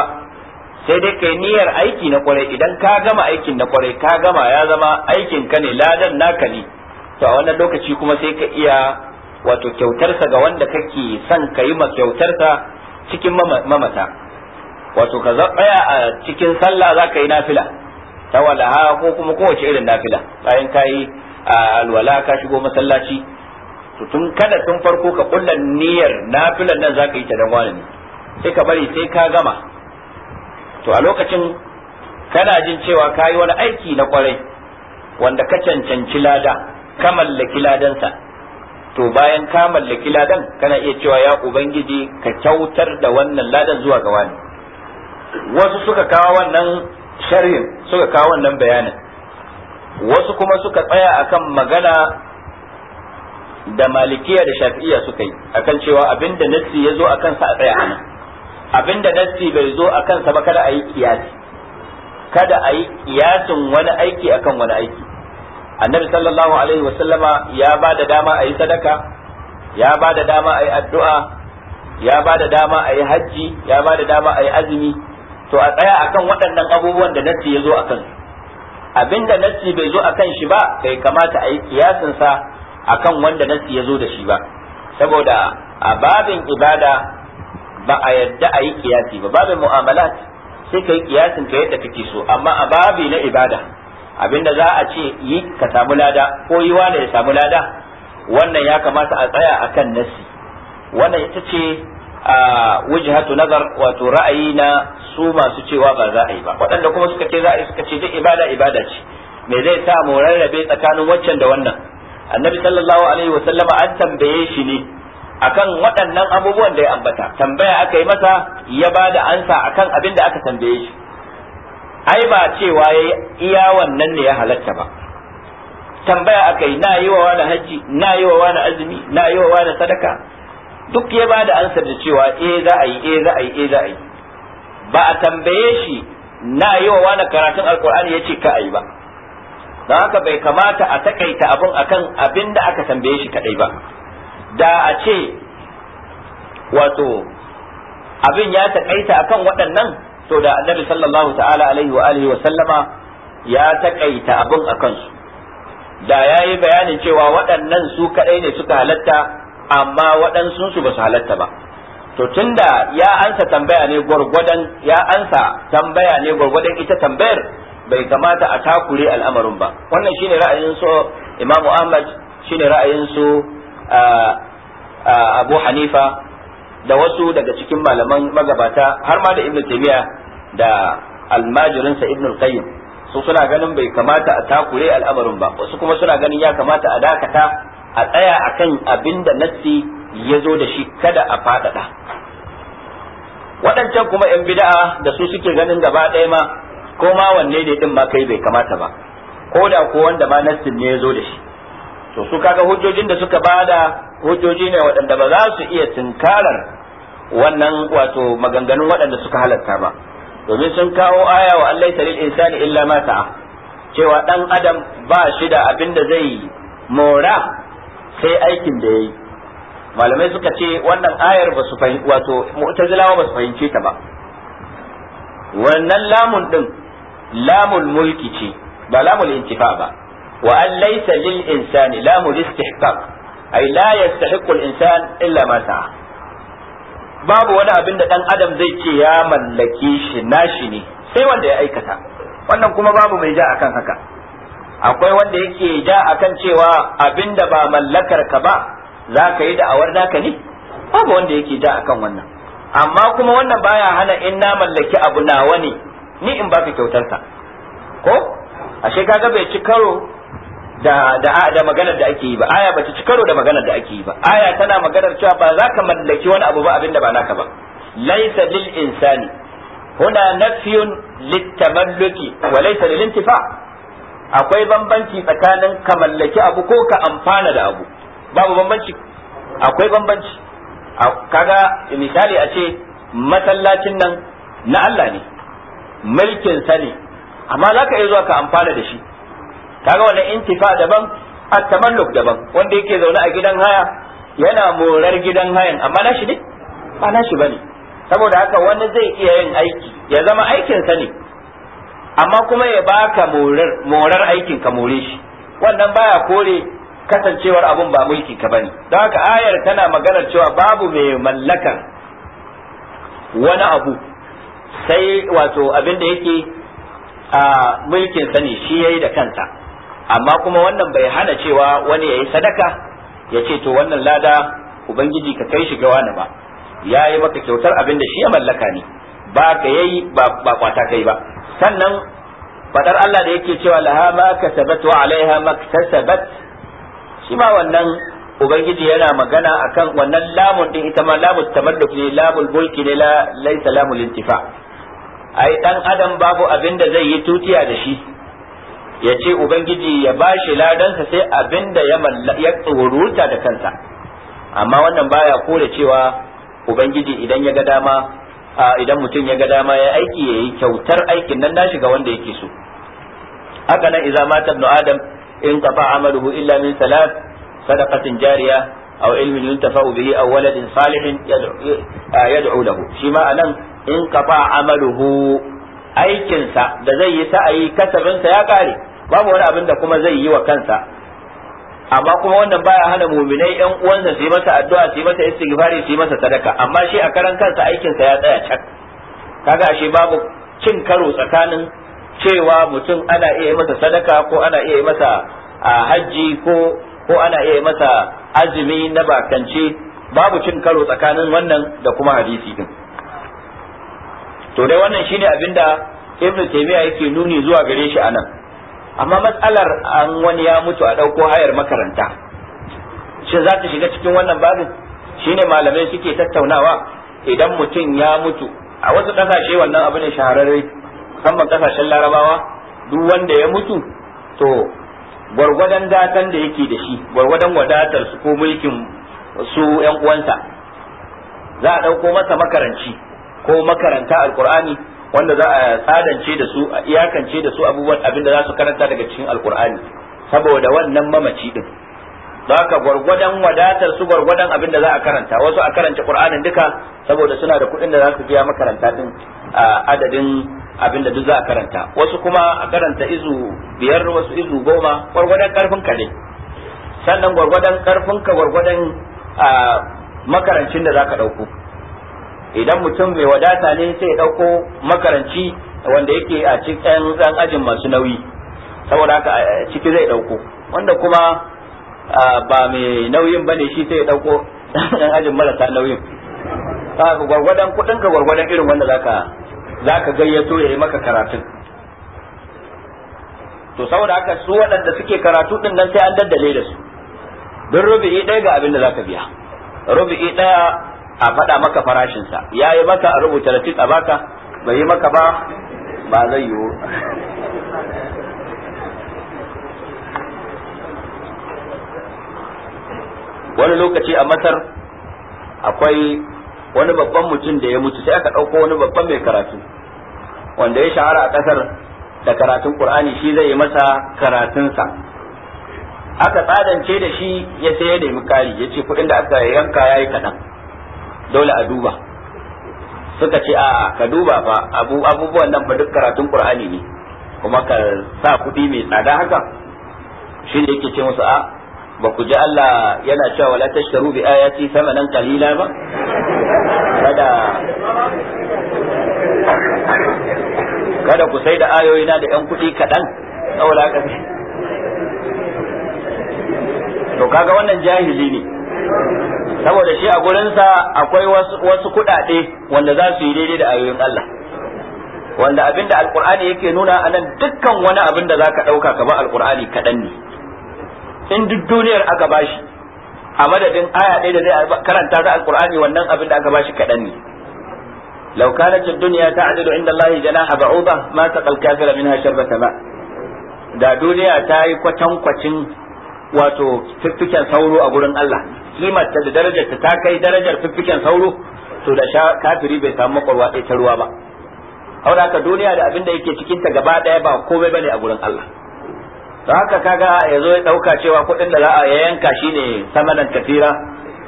sai dai ka yi niyyar aiki na kwarai idan ka gama aikin na kwarai ka gama ya zama aikin ka ne ladan naka ne to a wannan lokaci kuma sai ka iya wato kyautarsa ga wanda kake son ka yi ma kyautarsa cikin mamata wato ka tsaya a cikin sallah za ka yi nafila ta walaha ko kuma kowace irin nafila bayan ka yi alwala ka shigo masallaci to tun kada tun farko ka kulla niyyar nafilan nan zaka yi ta dan wani sai ka bari sai ka gama to a lokacin kana jin cewa ka yi wani aiki na kwarai wanda ka cancanci lada ka mallaki ladansa to bayan ka mallaki ladan kana iya cewa ya ubangiji ka kyautar da wannan ladan zuwa ga wani wasu suka kawo wannan sharhin suka kawo wannan bayanin wasu kuma suka tsaya akan magana da malikiya da shafi'iya suka yi akan cewa abinda nassi ya zo a kansa a tsaya nan abinda nassi bai zo a kansa ba kada a yi kiyasi kada a yi kiyasin wani aiki akan wani aiki annabi sallallahu alaihi wa sallama ya ba da dama a yi sadaka ya ba da dama a yi addu'a ya ba da dama a yi hajji ya ba da dama a yi azumi to a tsaya akan waɗannan abubuwan da nassi ya zo a kansu abinda nassi bai zo akan shi ba bai kamata a yi kiyasin sa akan wanda nassi ya zo da shi ba saboda a babin ibada ba a yadda a yi kiyasi ba babin mu'amalat sai ka yi kiyasin ka yadda kake so amma a babi na ibada abinda za a ce yi ka samu lada ko yi wani ya samu lada wannan ya kamata a tsaya akan nassi wannan ita ce A wujhatu nazar wato ra'ayi na su masu cewa ba za a yi ba waɗanda kuma suka ce za a yi suka ce duk ibada ibada ce me zai sa mu rarrabe tsakanin waccan da wannan annabi sallallahu alaihi wa sallama an tambaye shi ne akan waɗannan abubuwan da ya ambata tambaya aka yi masa ya ba da ansa akan abin da aka tambaye shi ai ba cewa ya iya wannan ne ya halatta ba tambaya aka yi na yi wa wani hajji na yi wa wani azumi na yi wa wani sadaka duk ya ba da ansar da cewa eh za a yi eh za a yi eh za a yi ba a tambaye shi na yi wa wani karatun alkur'ani ya ce ka a yi ba don haka bai kamata a takaita abun akan abin da aka tambaye shi kadai ba da a ce wato abin ya takaita akan waɗannan to da annabi sallallahu ta'ala alaihi wa alihi wa sallama ya takaita abun akan su da yayi bayanin cewa waɗannan su kadai ne suka halatta amma waɗansun su ba su halatta ba to tunda ya ansa tambaya ne gwargwadon ya ansa tambaya ne gwargwadon ita tambayar bai kamata a takure al'amarin ba wannan shine ra'ayin su imamu ahmad shine ra'ayin su abu hanifa da wasu daga cikin malaman magabata har ma da ibnu taymiya da almajirinsa ibnu qayyim su suna ganin bai kamata a takure al'amarin ba wasu kuma suna ganin ya kamata a dakata a tsaya akan abin da nassi ya zo da shi kada a faɗaɗa waɗancan kuma 'yan bida'a da su suke ganin gaba ɗaya ma ko ma wanne ne ɗin ma kai bai kamata ba ko da ko wanda ma nassin ne ya zo da shi to su kaga hujjojin da suka bada hujjoji ne waɗanda ba za su iya tunkarar wannan wato maganganun waɗanda suka halatta ba domin sun kawo aya wa Allah lil insani illa ma ta'a cewa dan adam ba shi da abin da zai mora sai aikin da yayi malamai suka ce wannan ayar ba su fahimci wato mu'tazilawa ba su fahimci ta ba wannan lamun din lamul mulki ce ba lamul intifa ba wa an laysa lil insani lamul istihqaq ay la yastahiqu al insan illa ma sa'a babu wani abin da dan adam zai ce ya mallake shi nashi ne sai wanda ya aikata wannan kuma babu mai ja akan haka akwai wanda yake ja akan cewa abinda ba mallakar ka ba za ka yi da'awar naka ne babu wanda yake ja akan wannan amma kuma wannan baya hana in na mallaki abu nawa ne ni in ba kyautar kyautarsa ko ashe kaga bai ci karo da da da maganar da ake yi ba aya bata ci karo da maganar da ake yi ba aya tana maganar cewa ba za ka mallaki wani abu ba abinda ba naka ba laysa lil insani huna nafyun tamalluki wa laysa lil intifa' akwai bambanci tsakanin ka mallaki abu ko ka amfana da abu babu bambanci akwai bambanci kaga misali a ce masallacin nan na Allah ne mulkin sa ne amma za ka iya zuwa ka amfana da shi kaga wannan intifa daban at-tamalluk daban wanda yake zaune a gidan haya yana morar gidan hayan amma nashi ne ba nashi bane saboda haka wani zai iya yin aiki ya zama aikin sa ne amma kuma ya baka morar morar aikin ka more shi wannan baya kore kasancewar abun ba mulki ka bane don haka ayar tana maganar cewa babu mai mallakar wani abu sai wato abin da yake a mulkin sani shi yayi da kansa amma kuma wannan bai hana cewa wani yayi sadaka ya ce to wannan lada ubangiji ka kai shi ga wani ba ya yi maka kyautar abin da shi ya mallaka ne ba ka yayi ba kwata kai ba sannan fadar Allah da yake cewa laha ma kasabat wa alaiha maktasabat shi ma wannan ubangiji yana magana akan wannan lamun din ita ma lamun tamadduk ne lamul mulki ne la laysa lamul intifa ai dan adam babu abinda zai yi tutiya da shi ya ce ubangiji ya bashi ladansa sai abinda da ya tsoruta da kansa amma wannan baya kore cewa ubangiji idan ya ga dama idan mutum ya ga dama ya aiki ya yi kyautar aikin nan nashi ga wanda yake so haka nan idza mata ibn adam in qafa amaluhu illa min salat sadaqatin jariya aw ilmin yuntafa'u bihi aw waladin salihin yad'u lahu shi ma anan in qafa amaluhu aikinsa da zai yi sa'ayi kasabinsa ya kare babu wani abin da kuma zai yi wa kansa amma kuma wannan baya hana muminai yan uwansa su yi masa addu'a su yi masa istighfari su yi masa sadaka amma shi a karan kansa aikin sa ya tsaya can kaga ashe babu cin karo tsakanin cewa mutum ana iya masa sadaka ko ana iya masa hajji ko ko ana iya masa azumi na bakance babu cin karo tsakanin wannan da kuma hadisi din to dai wannan shine abinda ibnu taymiya yake nuni zuwa gare shi anan amma matsalar an wani ya mutu a ɗauko hayar makaranta shin za ta shiga cikin wannan babin shine malamai suke tattaunawa idan mutum ya mutu a wasu ƙasashe wannan abu ne shahararre musamman ƙasashen larabawa duk wanda ya mutu to gwargwadon datan da yake da shi gwargwadon wadatar su ko mulkin su yan uwansa za a ɗauko masa makaranci ko makaranta alkur'ani wanda za a tsadance da su a iyakance da su abubuwan abin da za su karanta daga cikin alkur'ani saboda wannan mamaci din za ka gwargwadon wadatar su gwargwadon abin da za a karanta wasu a karanta qur'anin duka saboda suna da kuɗin da za su biya makaranta din adadin abin da duk za a karanta wasu kuma a karanta izu biyar wasu izu goma gwargwadon karfin ka ne sannan gwargwadon karfin ka gwargwadon makarancin da za ka ɗauko idan mutum mai wadata ne sai ya ɗauko makaranci wanda yake a cikin ɗan ajin masu nauyi saboda haka eh, ciki zai ɗauko wanda kuma ba mai nauyin ba ne shi sai ya ɗauko ɗan ajin marasa nauyin Ka gwargwadon kuɗin ka gwargwadon irin wanda zaka zaka gayyato ya yi maka karatu. to saboda haka su waɗanda suke karatu ɗin nan sai an daddale da su don rubi'i ɗaya ga abin da zaka biya rubi'i ɗaya a faɗa maka farashinsa ya yi maka a rubuta da a baka bai yi maka ba ba zai yi wani lokaci a masar akwai wani babban mutum da ya mutu sai aka ɗauko wani babban mai karatu wanda ya shahara a ƙasar da karatun ƙur'ani shi zai yi masa karatunsa aka tsadance da shi ya sai ya nemi kari ya ce kuɗin da aka yanka ya yi kaɗan dole a duba suka ce a ka duba fa abubuwan nan ba duk karatun qur'ani ne kuma ka sa kuɗi mai tsada haka shi ne yake ce musu a ba ku ji Allah yana cewa wala tashtaru bi ayati thamanan qalila ba kada kada ku sai da ayoyina da yan kuɗi kaɗan saboda haka to kaga wannan jahili ne saboda shi a gurinsa akwai wasu kuɗaɗe wanda za su yi daidai da ayoyin Allah wanda abin da alkur'ani yake nuna a nan dukkan wani abin da za ka ɗauka ka ba alkur'ani kaɗan ne in duk duniyar aka bashi a madadin aya ɗaya da zai karanta ta alkur'ani wannan abin da aka bashi kaɗan ne لو كانت الدنيا تعدل عند الله جناح بعوضة ما سقى الكافر منها شربة ماء da duniya ta yi kwatankwacin wato fiffiken sauro a gurin Allah kimar ta da darajar ta kai darajar fiffiken sauro to da sha kafiri bai samu makwarwa ta ruwa ba haura haka duniya da abin da yake cikin ta gaba ɗaya ba komai bane a gurin Allah da haka kaga ya zo ya ɗauka cewa kuɗin da za a yanka shine samanan kafira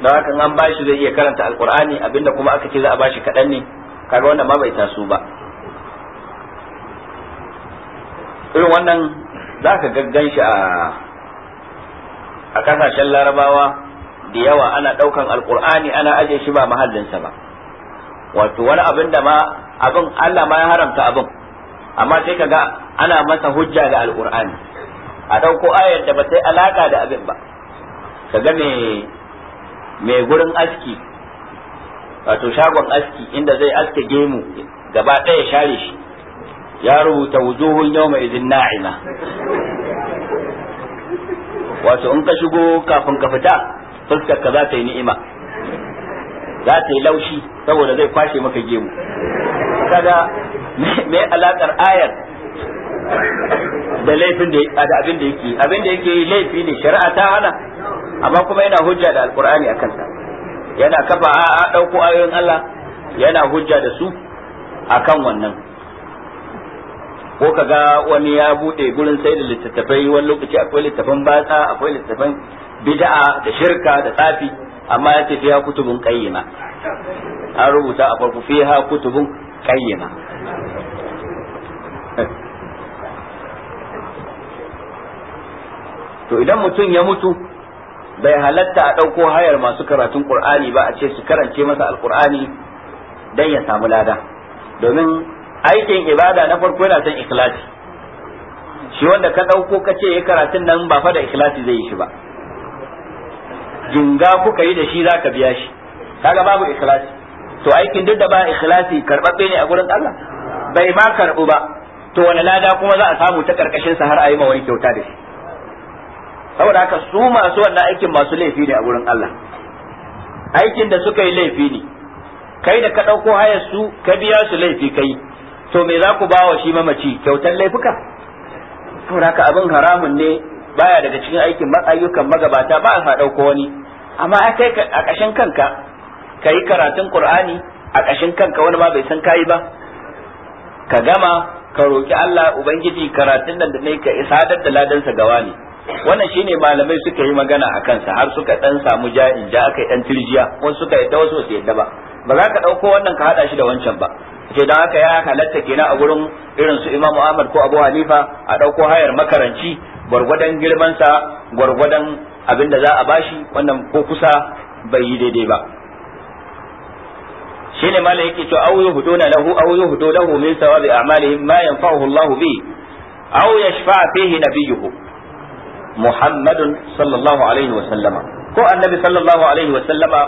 da haka an bashi zai iya karanta alkur'ani abinda kuma aka ce za a ba bashi kaɗan ne kaga wannan ma bai taso ba irin wannan za ka gaggan shi a a kasashen larabawa da yawa ana ɗaukan alkur'ani ana aje shi ba mahallinsa ba wato wani abin da ma abin Allah ma ya haramta abin amma sai kaga ana masa hujja da alkur'ani a ɗauko ayar da ba sai alaka da abin ba kaga me me gurin aski wato shagon aski inda zai aske gemu gaba ɗaya share shi ya rubuta wujuhun yawma idin na'ima wato in ka shigo kafin ka fita fuskar ka za ta yi ni'ima za ta yi laushi saboda zai kwashe maka gemu kaga me alakar ayar da laifin da da abin da yake abin da yake laifi ne shari'a ta hana amma kuma yana hujja da alqur'ani akan sa yana kafa a a ayoyin Allah yana hujja da su akan wannan ko ka ga wani ya bude gurin sai da littattafai wani lokaci akwai littattafan batsa akwai littattafan bid'a da shirka da tsafi amma ya ce fiha kutubun qayyima an rubuta a farko fiha kutubun qayyima to idan mutum ya mutu bai halatta a ɗauko hayar masu karatun qur'ani ba a ce su karance masa alqur'ani dan ya samu lada domin aikin ibada na farko yana son ikhlasi shi wanda ka ɗauko ka ce ya karatun nan ba fa da ikhlasi zai yi shi ba jinga kuka yi da shi za ka biya shi kaga babu ikhlasi to aikin duk da ba ikhlasi karɓaɓɓe ne a gurin Allah bai ma karɓu ba to wani lada kuma za a samu ta karkashin sa har a yi ma wani kyauta da shi saboda haka su masu wannan aikin masu laifi ne a gurin Allah aikin da suka yi laifi ne kai da ka ɗauko hayar su ka biya su laifi kai to me za ku ba wa shi mamaci kyautar laifuka saboda haka abin haramun ne baya daga cikin aikin ayyukan magabata ba a ɗauko wani amma a kai a ƙashin kanka ka yi karatun qur'ani a ƙashin kanka wani ma bai san kayi ba ka gama ka roki Allah ubangiji karatun nan da ne ka isadar da ladansa gawa ne wannan shine malamai suka yi magana a kansa har suka dan samu ja'in ja aka yi dan tirjiya wasu suka yadda wasu su yadda ba ba za ka dauko wannan ka hada shi da wancan ba ce don haka ya halatta kenan a gurin irin su Imam Ahmad ko Abu Hanifa a ɗauko hayar makaranci gwargwadon girmansa gwargwadon abin da za a bashi wannan ko kusa bai yi daidai ba shine mala yake to aw yuhduna lahu aw yuhdu lahu min sawabi a'malihim ma yanfa'uhu Allah bi aw yashfa'a fihi nabiyuhu Muhammadun sallallahu alaihi wa sallama ko annabi sallallahu alaihi wa sallama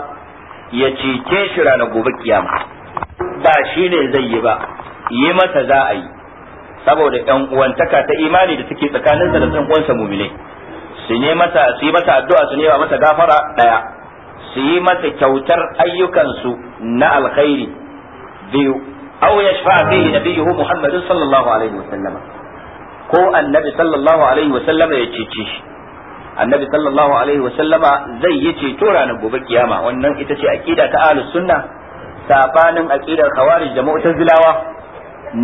ya cece shi ranar gobe kiyama ba shi ne zai yi ba yi masa za a yi saboda yan uwantaka ta imani da suke tsakaninsa da ɗan uwansa mumine su ne masa su yi masa addu'a su nema masa gafara ɗaya, su yi masa kyautar ayyukansu na alkhairi biyu aw yashfa fihi nabiyuhu muhammadin sallallahu alaihi wa sallama ko annabi sallallahu alaihi wa sallama ya cece shi annabi sallallahu alaihi wa sallama zai yi ceto ranar gobe kiyama wannan ita ce aqida ta ahlus sunna sabanin aqidar khawarij da mu'tazilawa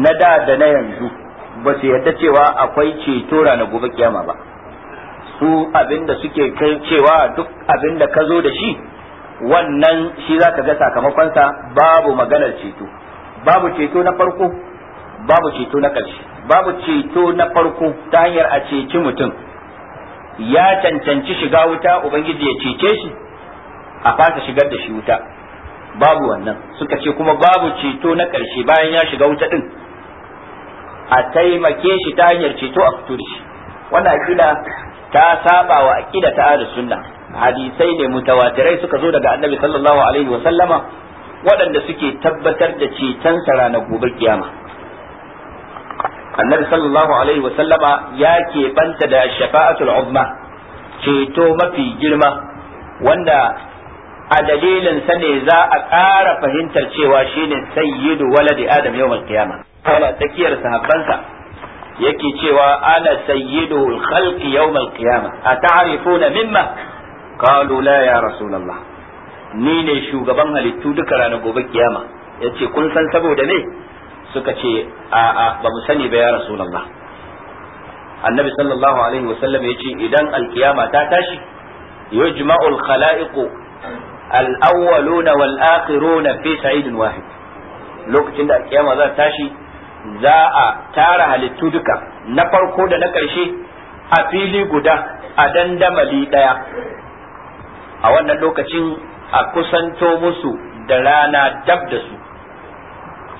na da da na yanzu ba su yarda cewa akwai ceto na gobe kiyama ba su abinda suke kai cewa duk abinda ka zo da shi wannan shi za ka ga sakamakonsa babu maganar ceto babu ceto na farko babu ceto na ƙarshe babu ceto na farko ta hanyar a ceci mutum ya cancanci shiga wuta ubangiji ya cece shi a fasa shigar da shi wuta babu wannan suka ce kuma babu ceto na ƙarshe bayan ya shiga wuta ɗin? a taimake shi ta hanyar ceto a fito da shi wannan aqida ta saba wa aqida ta ahlus sunna hadisai ne mutawatirai suka zo daga annabi sallallahu alaihi wa sallama waɗanda suke tabbatar da ceton sa ranar gobe kiyama annabi sallallahu alaihi wa sallama ya keɓanta da shafa'atul umma ceto mafi girma wanda a dalilin sa ne za a ƙara fahimtar cewa shine sayyidu waladi adam mai qiyama kana tsakiyar sahabbansa yake cewa ana Sayyidu khalqi yawmal qiyama ta'arifuna mimma qalu la ya rasulullah ni ne shugaban halittu duka ranar gobe kiyama ce kun san saboda me suka ce a'a ba mu sani ba ya rasulullah annabi sallallahu alaihi wasallam ya ce idan alkiyama ta tashi yujma'ul khala'iqu al-awwaluna wal akhiruna fi sa'idin wahid lokacin da alkiyama za tashi za a tara halittu duka na farko da na ƙarshe a fili guda a dandamali ɗaya a wannan lokacin a kusanto musu da rana dab da su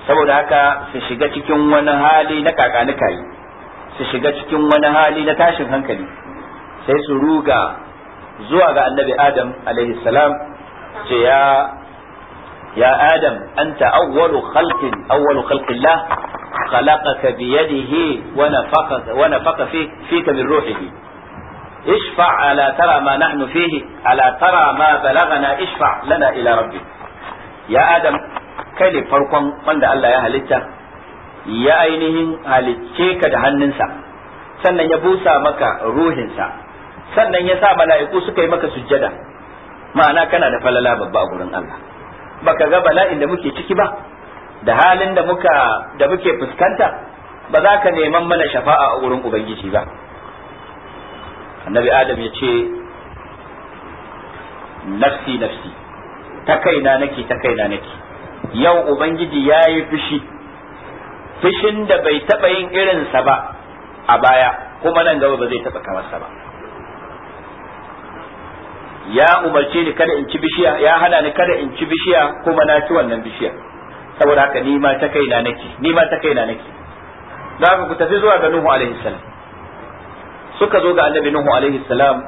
saboda haka su shiga cikin wani hali na kakanikayi su shiga cikin wani hali na tashin hankali sai su ruga zuwa ga annabi adam salam ce ya adam anta awwalu khalqin awwalu khalqillah khalaqaka bi yadihi wa nafaqa wa nafaqa fi fika اشفع على ترى ما نحن فيه على ترى ما بلغنا اشفع لنا الى ربك يا ادم kai farkon wanda Allah ya halitta ya ainihin halicce ka da hannunsa sannan ya busa maka ruhinsa sannan ya mala'iku suka yi maka sujjada ma'ana kana da falala babba a gurin Allah baka ga bala'in da muke ciki ba da halin da muka da muke fuskanta ba za ka neman mana shafa'a a gurin ubangiji ba annabi adam ya ce nafsi nafsi ta kaina nake ta kaina nake yau ubangiji ya yi fushi fushin da bai taɓa yin irinsa ba a baya kuma nan gaba ba zai taɓa kamarsa ba ya umarce ni kada in ci bishiya ya hana ni kada in ci bishiya kuma na ci wannan bishiya saboda haka ni ma ta kaina nake ni ma ta kaina nake da haka ku tafi zuwa ga Nuhu alaihi salam suka zo ga annabi Nuhu alaihi salam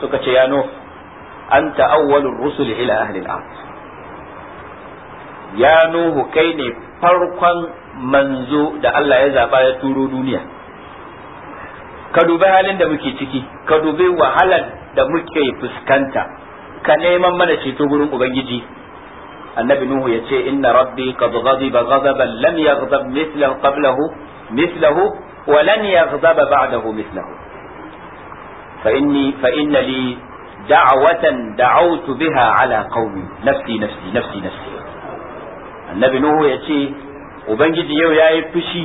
suka ce ya Nuhu anta awwalur rusul ila ahli al-ard ya Nuhu kai ne farkon manzo da Allah ya zaba ya turo duniya ka dubi halin da muke ciki ka dubi wahalar da muke fuskanta ka neman mana ceto gurin ubangiji annabi nuhu ya ce inna rabbi qad ghadiba ghadaban lam yaghdab mithlahu qablahu mithlahu wa lan yaghdab ba'dahu mithlahu fa inni fa inna li da'watan da'awtu biha ala qaumi nafsi nafsi nafsi nafsi annabi nuhu ya ce ubangiji yau yayi fushi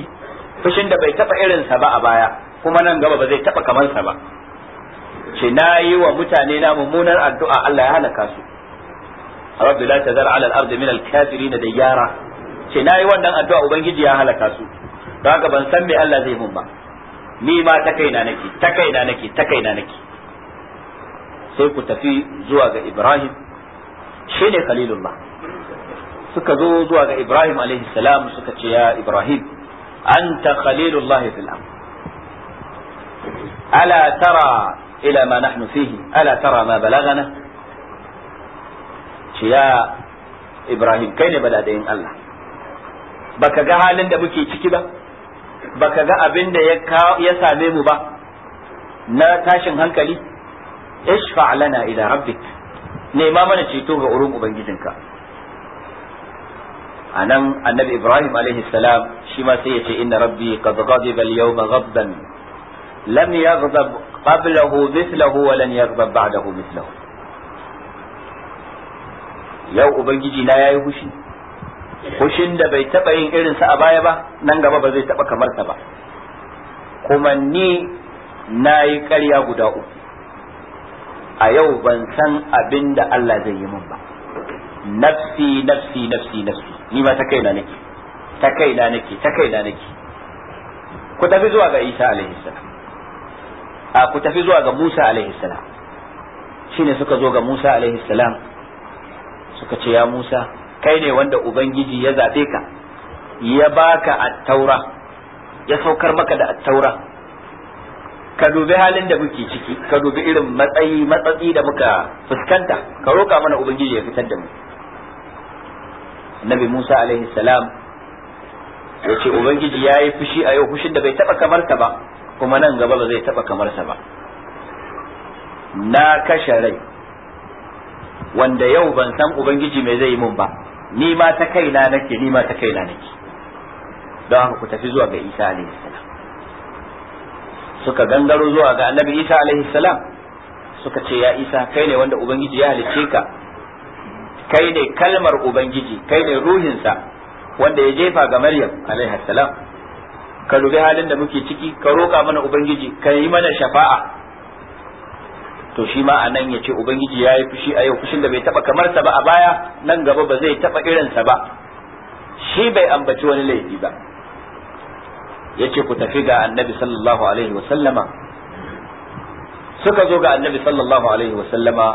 fushin da bai taba irinsa ba a baya kuma nan gaba ba zai taba kamansa ba ce na yi wa mutane na mummunar addu'a Allah ya halaka su rabbi la tazar ala al-ard min al-kafirin da yara ce na yi wannan addu'a ubangiji ya halaka su don haka ban san me Allah zai mun ba ni ma ta kaina nake ta kaina nake ta kaina nake sai ku tafi zuwa ga Ibrahim shi ne Khalilullah suka zo zuwa ga Ibrahim alaihi salam suka ce ya Ibrahim anta Khalilullah fil ala tara ila ma nahnu fihi ala tara ma balagana ce ya Ibrahim kai ne badadayin Allah baka ga halin da muke ciki ba baka ga abin da ya same mu ba na tashin hankali ishfa lana ila rabbik nema mana ceto ga urin ubangijinka a nan annabi ibrahim alaihi salam shi ma sai ya ce inna rabbi qad ghadiba al-yawma ghadban lam yaghdab قبله مثله ولن يغضب بعده مثله yau ubangiji na yayi hushi hushin da bai taba yin irin sa a baya ba nan gaba ba zai taba kamar sa ba kuma ni nayi ƙarya guda uku a yau ban san abin da Allah zai yi min ba nafsi nafsi nafsi nafsi ni ma ta kaina nake ta kaina nake ta kaina nake ku tafi zuwa ga Isa alaihi salam a ku tafi zuwa ga Musa alaihi salam shine suka zo ga Musa alaihi salam suka ce ya Musa kai ne wanda ubangiji ya zabe ka ya baka at-taura ya saukar maka da at-taura ka dubi halin da muke ciki ka dubi irin matsayi matsayi da muka fuskanta ka roka mana ubangiji ya fitar da mu Nabi Musa alaihi salam ya ce ubangiji ya yi fushi a yau fushin da bai taba kamar ta ba kuma nan gaba ba zai taba kamar sa ba na kashe rai wanda yau ban san ubangiji mai zai yi mun ba ni ma ta kaina nake ni ma ta kaina nake don haka ku tafi zuwa ga Isa alaihi salam suka gangaro zuwa ga Annabi Isa alaihi salam suka ce ya Isa kai ne wanda ubangiji ya halicce ka kai ne kalmar ubangiji kai ne ruhinsa wanda ya jefa ga Maryam alaihi salam ka dubi halin da muke ciki ka roƙa mana ubangiji ka yi mana shafa'a to shi ma a nan ya ce ubangiji ya yi fushi a yau fushin da bai taba kamar sa ba a baya nan gaba ba zai taba sa ba shi bai ambaci wani laifi ba ya ce ku tafi ga annabi sallallahu alaihi wa sallama suka zo ga annabi sallallahu alaihi wa sallama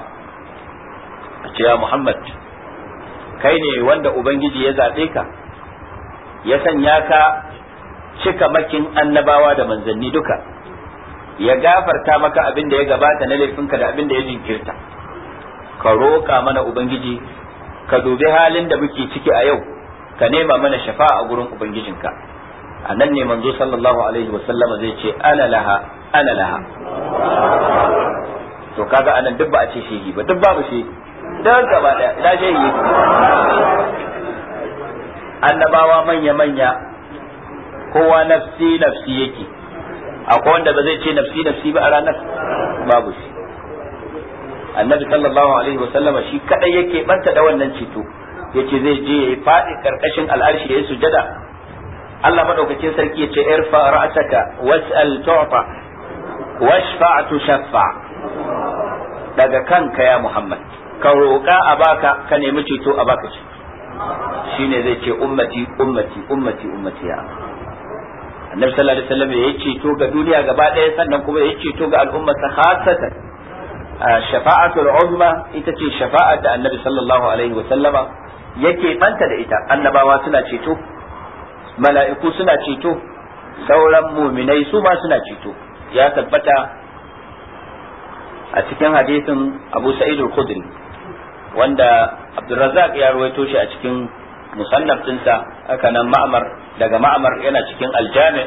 a ce ya muhammad kai ne wanda ubangiji ya zaɓe ka ya sanya ka cika makin annabawa da manzanni duka ya gafarta maka abin da ya gabata na laifinka da abin da ya jinkirta ka roƙa mana ubangiji ka dubi halin da muke ciki a yau ka nema mana shafa'a a gurin ubangijinka a nan ne manzo sallallahu alaihi wasallama zai ce ana laha ana laha to kaga anan duk ba a ce shehi ba duk babu shi dan gaba daya da shehi annabawa manya manya kowa nafsi nafsi yake akwai wanda ba zai ce nafsi nafsi ba a ranar babu shi annabi sallallahu alaihi wasallama shi kadai yake banta da wannan ceto yace zai je ya faɗi karkashin al'arshi ya sujada Allah madaukakin sarki yace irfa ra'saka was'al tu'ta washfa'a tushaffa daga kanka ya Muhammad ka roƙa a baka ka nemi ceto a baka shi shine zai ce ummati ummati ummati ummati ya Allah annabi sallallahu alaihi wasallam ya ceto ga duniya gaba ɗaya sannan kuma ya ceto ga al'umma ta khasatan shafa'atul uzma ita ce shafa'a da annabi sallallahu alaihi wasallama yake banta da ita annabawa suna ceto mala'iku suna ceto sauran muminai su ma suna ceto ya tabbata a cikin hadisin Abu Sa'id al-Khudri wanda Abdurrazzaq ya ruwaito shi a cikin musannaf dinsa haka nan ma'amar daga ma'amar yana cikin aljami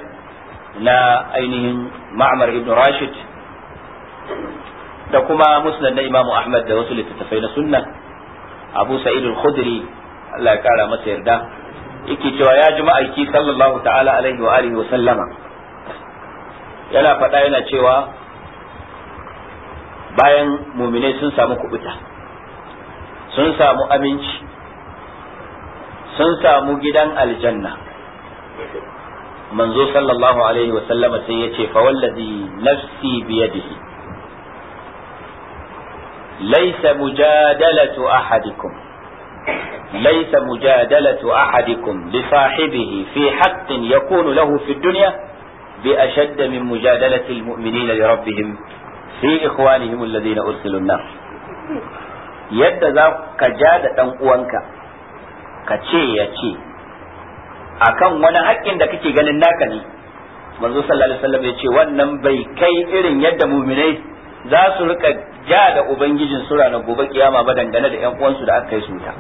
na ainihin ma'amar ibn rashid da kuma musnad na imamu ahmad da wasu littattafai na sunna abu sa'id al-khudri Allah ya kara masa yarda yake cewa ya ji ma'aiki sallallahu ta'ala alaihi wa alihi wa sallama yana faɗa yana cewa bayan mumine sun samu kubuta sun samu aminci sun samu gidan aljanna manzo sallallahu alaihi wasallama sai ya ce fawallazi nafsi biyadihi laysa mujadalatu ahadikum laysa mujadalatu ahadikum li sahibihi fi haqqin yakunu lahu fi dunya bi ashadd min mujadalati almu'minin li rabbihim fi ikhwanihim alladhina ursilu yadda za ka ja da dan uwanka ka ce ya ce a kan wani haƙƙin da kake ganin naka ne manzo sallallahu alaihi wasallam ya ce wannan bai kai irin yadda muminai za su rika ja da ubangijin su ranar gobe kiyama ba dangane da ƴan uwansu da aka kai su ta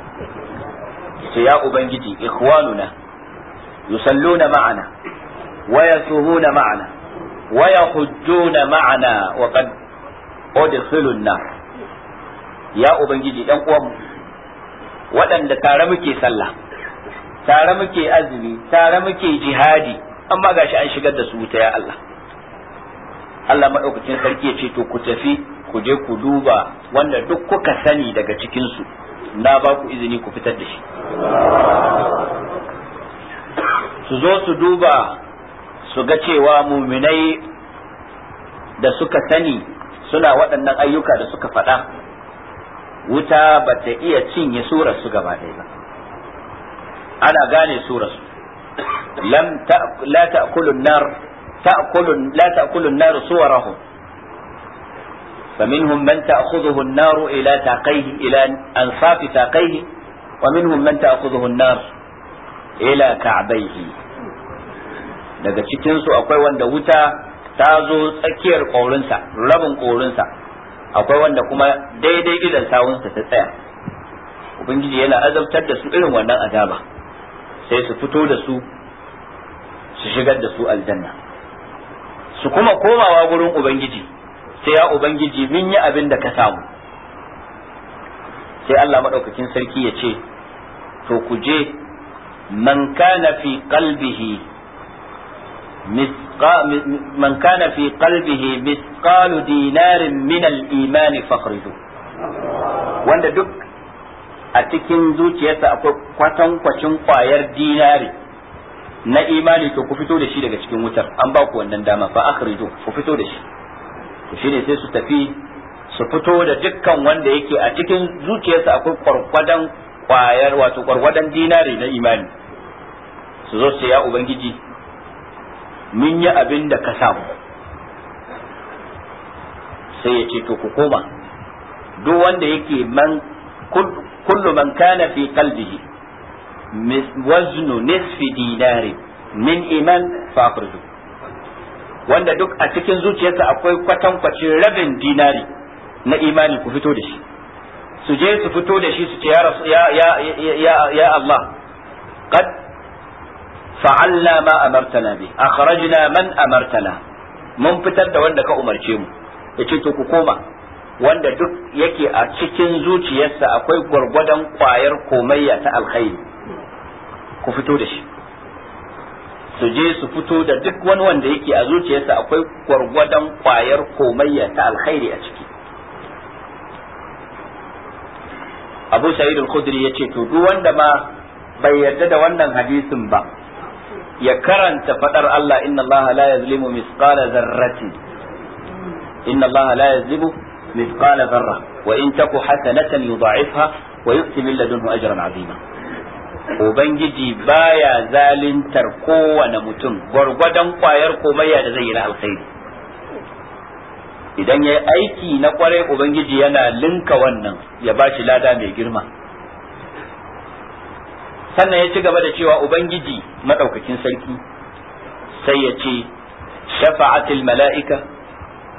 ce ya ubangiji ikhwanuna yusalluna ma'ana wa yasuhuna ma'ana wa yahujjuna ma'ana wa qad udkhilun ya ubangiji ɗan uwanmu waɗanda tare muke sallah tare muke azumi tare muke jihadi amma gashi an shigar da su wuta ya Allah Allah maɗaukacin sarki ya ce to ku tafi ku je ku duba wanda duk kuka sani daga cikin su na ba ku izini ku fitar da shi su zo su duba su ga cewa muminai da suka sani suna waɗannan ayyuka da suka faɗa wuta ba ta iya cinye surar su gaba ɗaya ba ana gane surar su lam la ta'kulun nar ta'kulun la ta'kulun nar suwarahum فمنهم من ila النار إلى ساقيه إلى أنصاف ساقيه ومنهم من تأخذه النار إلى كعبيه daga cikinsu akwai wanda wuta ta zo tsakiyar ƙorinsa rabin ƙorinsa akwai wanda kuma daidai idan sawunsa ta tsaya ubangiji yana azabtar da su irin wannan azaba sai su fito da su su shigar da su aljanna su kuma komawa gurin ubangiji sai ya ubangiji min yi abin da ka samu sai Allah maɗaukakin sarki ya ce to ku je man kana fi qalbihi من كان fi قلبه مثقال dinarin من al فخرجه wanda duk a cikin zuciyarsa akwai kwatankwacin kwayar dinari na imani to ku fito da shi daga cikin wutar an ba ku wannan dama fa akhrijo ku fito da shi to shine sai su tafi su fito da dukkan wanda yake a cikin zuciyarsa akwai kwarkwadan kwayar wato kwarkwadan dinari na imani su zo su ya ubangiji mun yi abin da ka samu sai ya ce to ku koma duk wanda yake man kullu man kana fi qalbihi waznu nisfi dinari min iman fa wanda duk a cikin zuciyarsa akwai kwatankwacin rabin dinari na imani ku fito da shi su je su fito da shi su ce ya ya ya Allah qad fa'alna ma amartana bi akhrajna man amartana mun fitar da wanda ka umarce mu yace to ku koma wanda duk yake a cikin zuciyarsa akwai gwargwadon kwayar komayya ta alkhairi ku fito da shi su je su fito da duk wani wanda yake a zuciyarsa akwai gwargwadon kwayar komayya ta alkhairi a ciki abu sa'id al-khudri yace to duk wanda ma bai yarda da wannan hadisin ba ya karanta fadar Allah inna Allah la yazlimu mithqala dharratin inna Allah la yazlimu mithqala zarra. wa in taku hasanatan yudha'ifha wa yu'ti min ladunhu ajran 'azima ubangiji baya zalintar kowane mutum gwargwadon kwayar komayya da zai yi na alkhairi idan ya aiki na kwarai ubangiji yana linka wannan ya bashi lada mai girma sannan ya ci gaba da cewa ubangiji madaukakin sarki sai ya ce shafa'atul mala'ika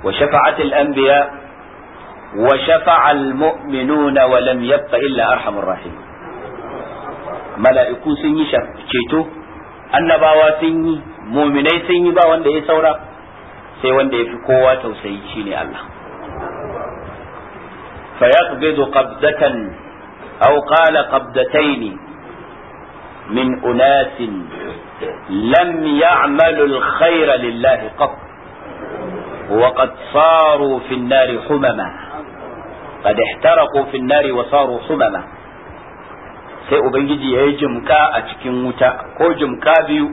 wa shafa'atul anbiya wa shafa'al mu'minuna wa lam yabqa illa arhamur rahim mala'iku sun yi ceto annabawa sun yi muminai sun yi ba wanda ya saura sai wanda ya fi kowa tausayi shine Allah fa yaqbidu qabdatan aw qala qabdataini من أناس لم يعملوا الخير لله قط وقد صاروا في النار حمما قد احترقوا في النار وصاروا حمما sai ubangiji ya yi jimka a cikin wuta ko jimka biyu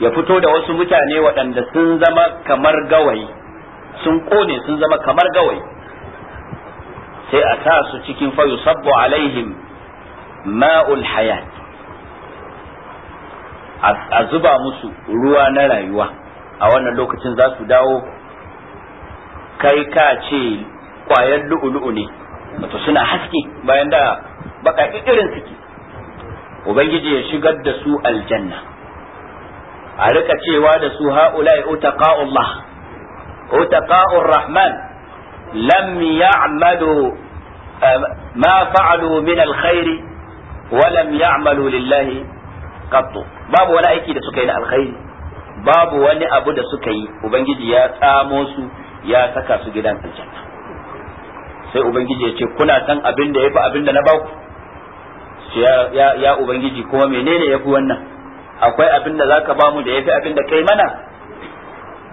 ya fito da wasu mutane waɗanda sun zama kamar gawayi sun kone sun zama kamar gawayi sai a sa su cikin fayu sabbo alaihim ma'ul hayat a zuba musu ruwa na rayuwa a wannan lokacin za su dawo kai ka ce kwayan lu'ulu'u ne wato suna haske bayan da baka irin suke ubangiji ya shigar da su aljanna a rika cewa da su ha'ula'i utaqa'ullah utaqa'ur rahman lam ya'malu eh, ma fa'alu min alkhairi wa lam ya'malu lillahi qattu babu wani aiki da suka yi na alkhairi babu wani abu da suka yi ubangiji ya tsamo su ya saka su gidan aljanna sai ubangiji ya ce kuna san abin da yafi abin da na baku ya ya ubangiji kuma menene yafi wannan akwai abin da zaka bamu da yafi abin da kai mana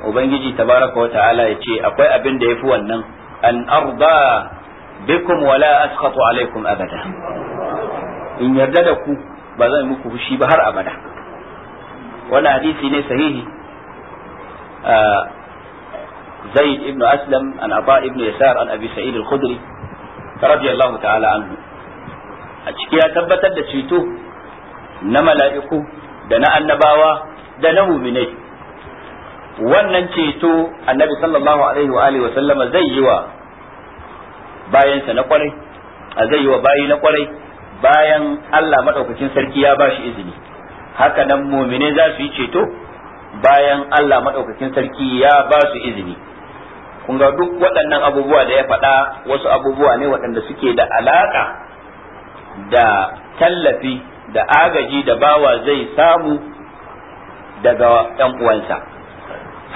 ubangiji tabaraka ta'ala ya ce akwai abin da yafi wannan an arda bikum wala askhatu alaikum abada in yarda da ku ba zan muku fushi ba har abada wannan hadisi ne sahihi ah, zaid ibn aslam an aba ibn yasar an abi sa'id al-khudri radiyallahu ta'ala anhu a ciki ya tabbatar da ceto na mala'iku da na annabawa da na muminai wannan ceto annabi sallallahu alaihi wa alihi wa sallama zai yi wa bayansa na kwarai a zai yi wa bayi na kwarai bayan Allah madaukakin sarki ya ba shi izini haka nan mumine za su yi ceto bayan Allah madaukakin sarki ya ba su izini kun ga duk waɗannan abubuwa da ya faɗa wasu abubuwa ne waɗanda suke da alaƙa da tallafi da agaji da bawa zai samu daga ɗan uwansa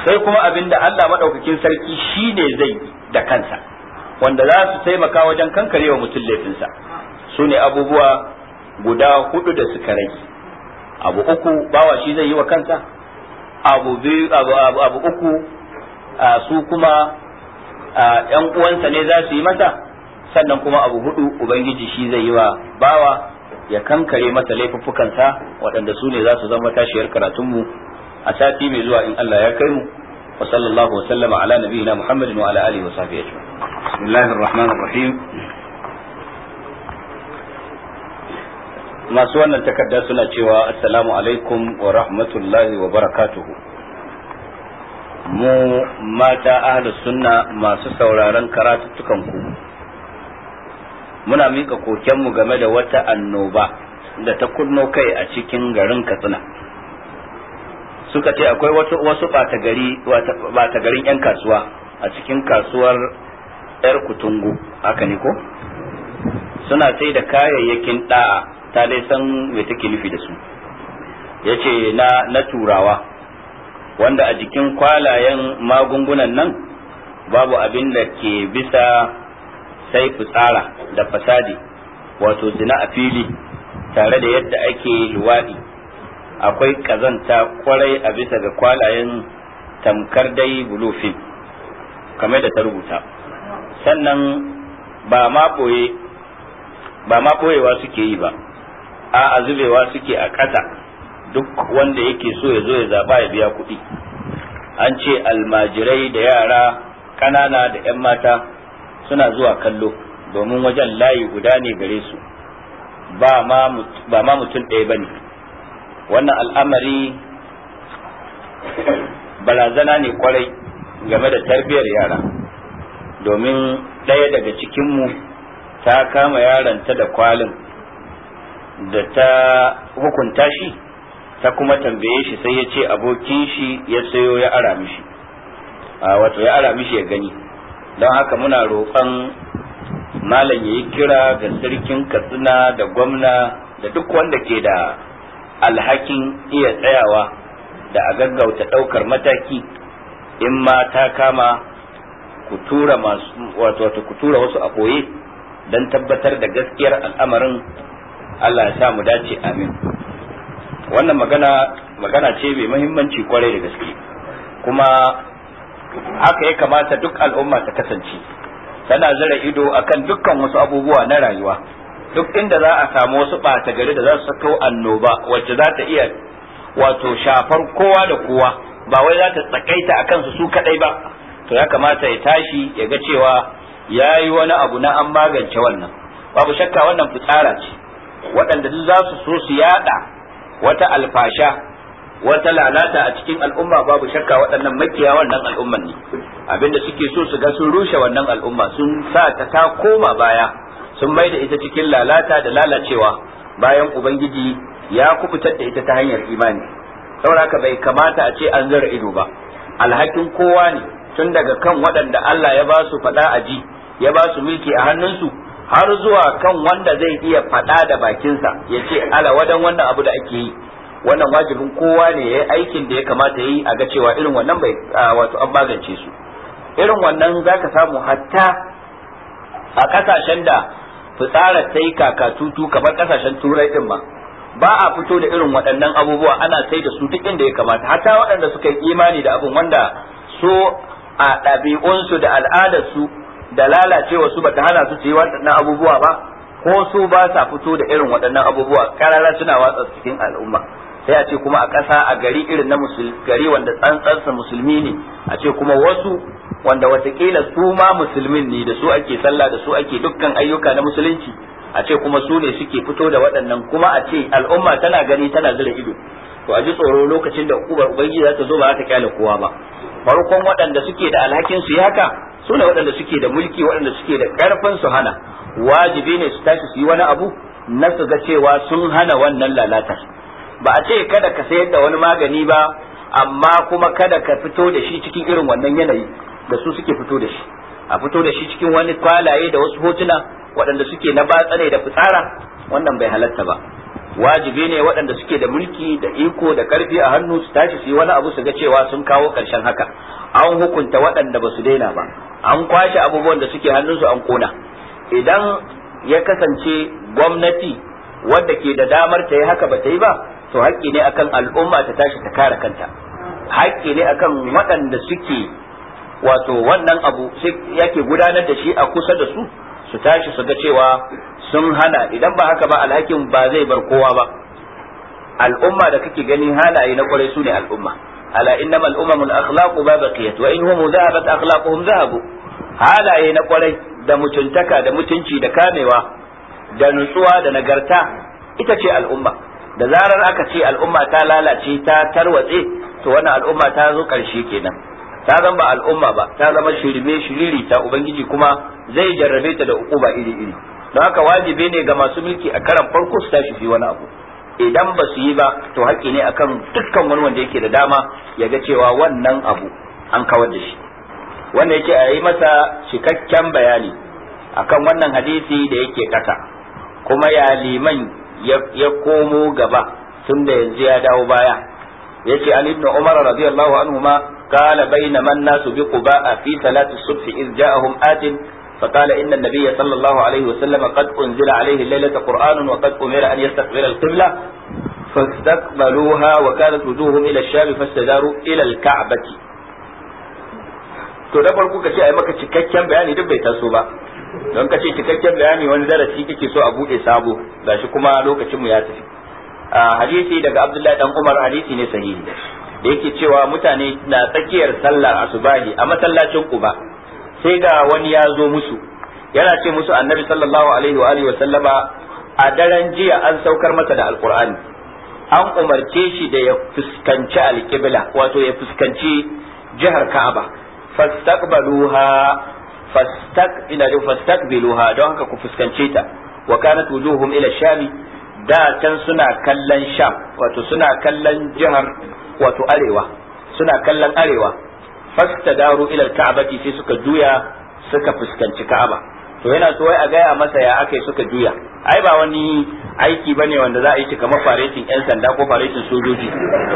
sai kuma abin da Allah maɗaukakin sarki shi ne zai da kansa wanda za su taimaka wajen kankarewa mutum laifinsa su ne abubuwa guda hudu da suka rage abu uku bawa shi zai yi wa kansa abu abu, uku su kuma yan uwansa ne za su yi mata sannan kuma abu hudu ubangiji shi zai yi wa bawa ya kankare masa laifuffukansa waɗanda su ne za su zama tashiyar karatunmu a sati mai zuwa in Allah ya kai mu wa sallallahu wa sallama ala nabiyina Muhammadin wa ala alihi wa sahbihi ajma'in bismillahir rahmanir rahim masu wannan takarda suna cewa assalamu alaikum wa rahmatullahi wa barakatuhu mu mata ahli sunna masu sauraron karatuttukanku muna mika kokenmu game da wata annoba da ta kunno kai a cikin garin katsina suka ce akwai wasu bata garin 'yan kasuwa a cikin kasuwar 'yar kutungu haka ne ko suna sai da kayayyakin ɗa'a ta dai san me take nufi da su yace na na turawa wanda a jikin kwalayen magungunan nan babu abin da ke bisa sai fitsara da fasadi wato zina a fili tare da yadda ake luwaɗi akwai kazanta kwarai a bisa ga kwalayen tamkar dai bulufin kamar da ta rubuta sannan ba ma ɓoyewa suke yi ba a'a zubewa suke a kasa duk wanda yake so ya zo ya zaba ya biya kuɗi an ce almajirai da yara ƙanana da 'yan mata suna zuwa kallo domin wajen layi guda ne gare su ba ma mutum ɗaya ba ne wannan al'amari barazana ne kwarai game da tarbiyyar yara domin ɗaya daga cikinmu ta kama yaranta da kwalin da ta hukunta shi ta kuma tambaye shi sai ya ce abokin shi ya sayo ya ara mishi wato ya ara mishi ya gani don haka muna roƙon malam ya yi kira ga sarkin katsina da gwamna da duk wanda ke da alhakin iya tsayawa da a gaggauta ɗaukar mataki in ma ta kama ku tura wasu a koye don tabbatar da gaskiyar al'amarin Allah ya sa mu dace amin wannan magana magana ce mai muhimmanci kwarai da gaske kuma haka ya kamata duk al'umma ta kasance tana zira ido akan dukkan wasu abubuwa na rayuwa duk inda za a samu wasu ɓata gari da za su sako annoba wacce za ta iya wato shafar kowa da kowa ba wai za ta tsakaita akan su su kadai ba to ya kamata ya tashi ya ga cewa ya yi wani abu na an magance wannan babu shakka wannan fitsara ce waɗanda duk za su so su yada wata alfasha wata lalata a cikin al'umma babu shakka waɗannan makiya wannan al'umman ne abinda suke so su ga sun rushe wannan al'umma sun sa ta ta koma baya sun mai da ita cikin lalata da lalacewa bayan ubangiji ya kubutar da ita ta hanyar imani sauraka bai kamata a ce an zara ido ba alhakin kowa ne tun daga kan waɗanda Allah ya ba su faɗa a ji ya ba su mulki a hannunsu har zuwa kan wanda zai iya faɗa da bakinsa ya ce ala wadan wannan abu da ake yi wannan wajibin kowa ne ya yi aikin da ya kamata ya yi a ga cewa irin wannan bai wato an magance su irin wannan za ka samu hatta a ƙasashen da fitsara sai kaka tutu kamar ƙasashen turai din ma ba a fito da irin waɗannan abubuwa ana sai da su duk inda ya kamata hatta waɗanda suka yi imani da abin wanda so a ɗabi'unsu da al'adarsu da lalacewa su bata hana su su yi waɗannan abubuwa ba ko su ba sa fito da irin waɗannan abubuwa karara suna watsa cikin al'umma sai a ce kuma a ƙasa a gari irin na gari wanda tsantsansa musulmi ne a ce kuma wasu wanda watakila su ma musulmin ne da su ake sallah da su ake dukkan ayyuka na musulunci a ce kuma su ne suke fito da waɗannan kuma a ce al'umma tana gani tana zira ido to a ji tsoro lokacin da ubangiji za ta zo ba za ta kyale kowa ba farkon waɗanda suke da alhakin su haka su ne waɗanda suke da mulki waɗanda suke da ƙarfin su hana wajibi ne su tashi su yi wani abu na su ga cewa sun hana wannan lalatar ba a ce kada ka sayar da wani magani ba amma kuma kada ka fito da shi cikin irin wannan yanayi da su suke fito da shi a fito da shi cikin wani kwalaye da wasu hotuna waɗanda suke na batsa ne da fitsara wannan bai halatta ba wajibi ne waɗanda suke da mulki da iko da ƙarfi a hannu su tashi su yi wani abu su ga cewa sun kawo ƙarshen haka an hukunta waɗanda ba su daina ba an kwashe abubuwan da suke hannunsu an kona idan ya kasance gwamnati wadda ke da damar ta yi haka ba ta yi ba to haƙƙi ne akan al'umma ta tashi ta kare kanta haƙƙi ne akan waɗanda suke wato wannan abu yake gudanar da shi a kusa da su su tashi su ga cewa sun hana idan ba haka ba alhakin ba zai bar kowa ba al'umma da kake gani halaye na kwarai su ne al'umma ala innama al-umamul akhlaqu ba baqiyat wa in dhahabat akhlaquhum dhahabu halaye na kwarai da mutuntaka da mutunci da kamewa da nutsuwa da nagarta ita ce al'umma da zarar aka ce al'umma ta lalace ta tarwatse to wannan al'umma ta zo karshe kenan ta zama ba al'umma ba ta zama shirme shiriri ta ubangiji kuma zai jarrabe ta da uku ba iri iri don haka wajibi ne ga masu mulki a karan farko su tashi fi wani abu idan ba su yi ba to haƙƙi ne akan dukkan wani wanda yake da dama ya ga cewa wannan abu an kawar da shi wanda yake a yi masa cikakken bayani akan wannan hadisi da yake kasa kuma ya liman ya komo gaba tun da yanzu ya dawo baya yace Ali ibn umar radiyallahu ma qala bainama an-nasu bi quba fi salati subh iz ja'ahum atin فقال إن النبي صلى الله عليه وسلم قد أنزل عليه الليلة قرآن وقد أمر أن يستقبل القبلة فاستقبلوها وكانت وجوههم إلى الشام فاستداروا إلى الكعبة to da farko ka ce ai maka cikakken bayani duk bai taso ba don ka ce cikakken bayani wani darasi kike so a bude sabo gashi kuma lokacin mu ya tafi hadisi daga Abdullahi dan Umar hadisi ne sahihi da yake cewa mutane na tsakiyar sallar asubahi a masallacin ba. sai ga wani ya zo musu yana ce musu annabi sallallahu alaihi wa alihi wa sallama a daren jiya an saukar masa da alqur'ani an umarce shi da ya fuskanci alqibla wato ya fuskanci jihar Ka'aba fastaqbaluha fastaq ila fastaqbiluha don haka ku fuskance ta wa kanat wujuhum ila shami da can suna kallon sham wato suna kallon jihar wato arewa suna kallon arewa fastadaru ila alka'bati sai suka juya suka fuskanci ka'aba to yana so wai a gaya masa ya akai suka juya ai ba wani aiki bane wanda za a yi shi kamar faretin yan sanda ko faretin sojoji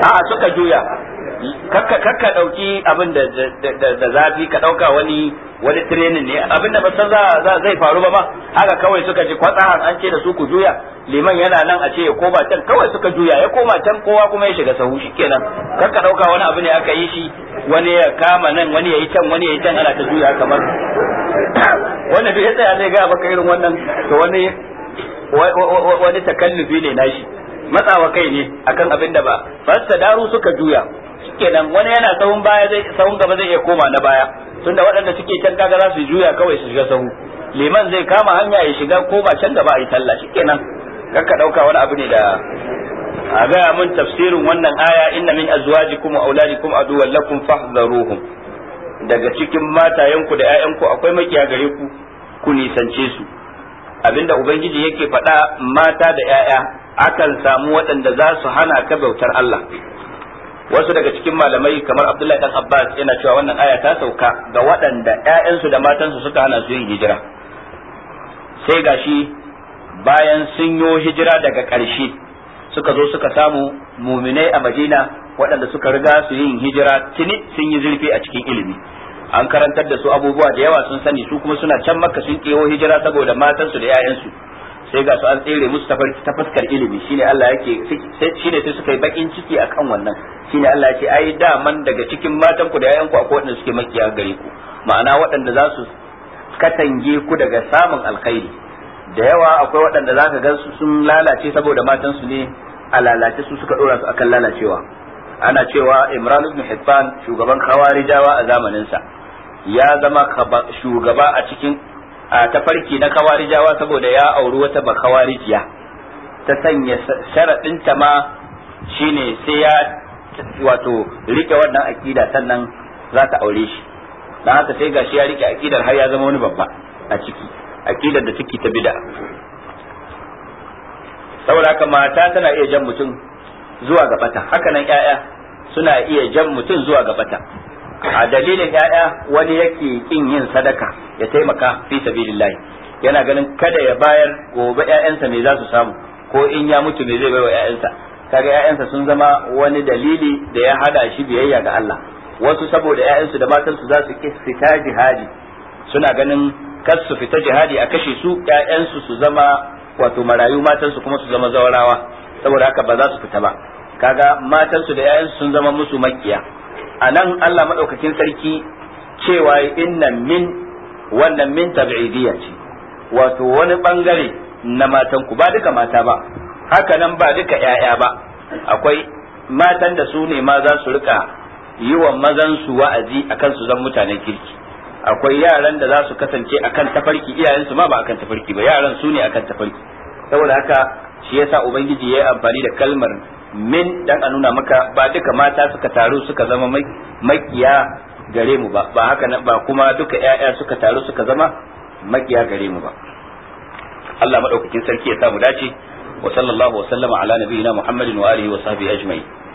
A'a suka juya kakka dauki abin da da zafi ka dauka wani wani training ne abin da san za zai faru ba ma haka kawai suka ji kwatsa an ce da su ku juya liman yana nan a ce ya koma can kawai suka juya ya koma can kowa kuma ya shiga sahu shikenan kakka dauka wani abu ne aka yi shi wani ya kama nan wani ya yi can wani ya yi can ana ta juya kamar wannan duk ya tsaya zai ga baka irin wannan to wani wani takallufi ne nashi matsawa kai ne akan abin da ba fasta daru suka juya kenan wani yana sahun baya zai sahun gaba zai iya koma na baya tunda waɗanda suke can kaga za su juya kawai su shiga sahu liman zai kama hanya ya shiga koma can gaba a talla sallah shikenan kakka ɗauka wani abu ne da a gaya mun tafsirin wannan aya inna min azwajikum wa auladikum aduwwan lakum fahdharuhum daga cikin matayenku da ƴaƴanku akwai makiya gare ku ku nisance su abinda ubangiji yake faɗa mata da ƴaƴa akan samu waɗanda za su hana ka bautar Allah wasu daga cikin malamai kamar Abdullahi dan Abbas yana cewa wannan aya ta sauka ga waɗanda 'ya'yansu da matansu suka hana su yin hijira sai gashi bayan sun yi hijira daga ƙarshe suka zo suka samu muminai a Madina waɗanda suka riga su yin hijira tuni sun yi zurfi a cikin ilimi an karantar da su abubuwa da yawa sun sani su kuma suna can makka sun kewo hijira saboda matansu da 'ya'yansu sai ga su an tsere musu ta fuskar ilimi shine Allah yake shine sai suka yi bakin ciki akan wannan shine Allah yake ai da man daga cikin matan ku da yayan ku akwai waɗanda suke makiya gare ku ma'ana waɗanda za su katange ku daga samun alkhairi da yawa akwai waɗanda za ka gansu sun lalace saboda matan su ne a lalace su suka dora su akan lalacewa ana cewa Imran ibn Hibban shugaban Khawarijawa a zamanin sa ya zama shugaba a cikin a tafarki na kawarijawa saboda ya auri wata ba kawarijiya ta sanya sharaɗinta ma shine sai ya wato rike wannan akida sannan za ta aure shi don haka sai gashi ya rike akidar har ya zama wani babba a ciki akidar da ciki ta bida saboda haka mata tana iya jan mutum zuwa gabata hakanan 'ya'ya suna iya jan mutum zuwa gabata a dalilin ya'ya wani yake kin yin sadaka ya taimaka fi sabilillah yana ganin kada ya bayar gobe 'ya'yansa me za su samu ko in ya mutu me zai baiwa ya'yansa kaga 'ya'yansa sun zama wani dalili da ya hada shi biyayya ga Allah wasu saboda 'ya'yansu da matansu za su fita jihadi suna ganin kar su fita jihadi a kashe su 'ya'yansu su zama wato marayu matansu kuma su zama zawarawa saboda haka ba za su fita ba kaga matansu da 'ya'yansu sun zama musu makiya a nan Allah maɗaukakin sarki cewa inna min wannan min tab'idiyya ce wato wani bangare na matan ku ba duka mata ba haka nan ba duka ‘ya'ya ba akwai matan da su ne ma za su rika yi wa mazan su wa'azi akan su zan mutanen kirki akwai yaran da za su kasance akan tafarki iyayensu ma ba akan tafarki ba yaran su ne akan tafarki saboda haka shi yasa ubangiji ya yi amfani da kalmar min dan a nuna maka ba duka mata suka taru suka zama makiya gare mu ba ba haka ba kuma duka ƴaƴa suka taru suka zama makiya gare mu ba Allah madaukakin sarki ya sa mu dace wa sallallahu wa sallama ala nabiyyina Muhammadin wa alihi wa sahbihi ajma'in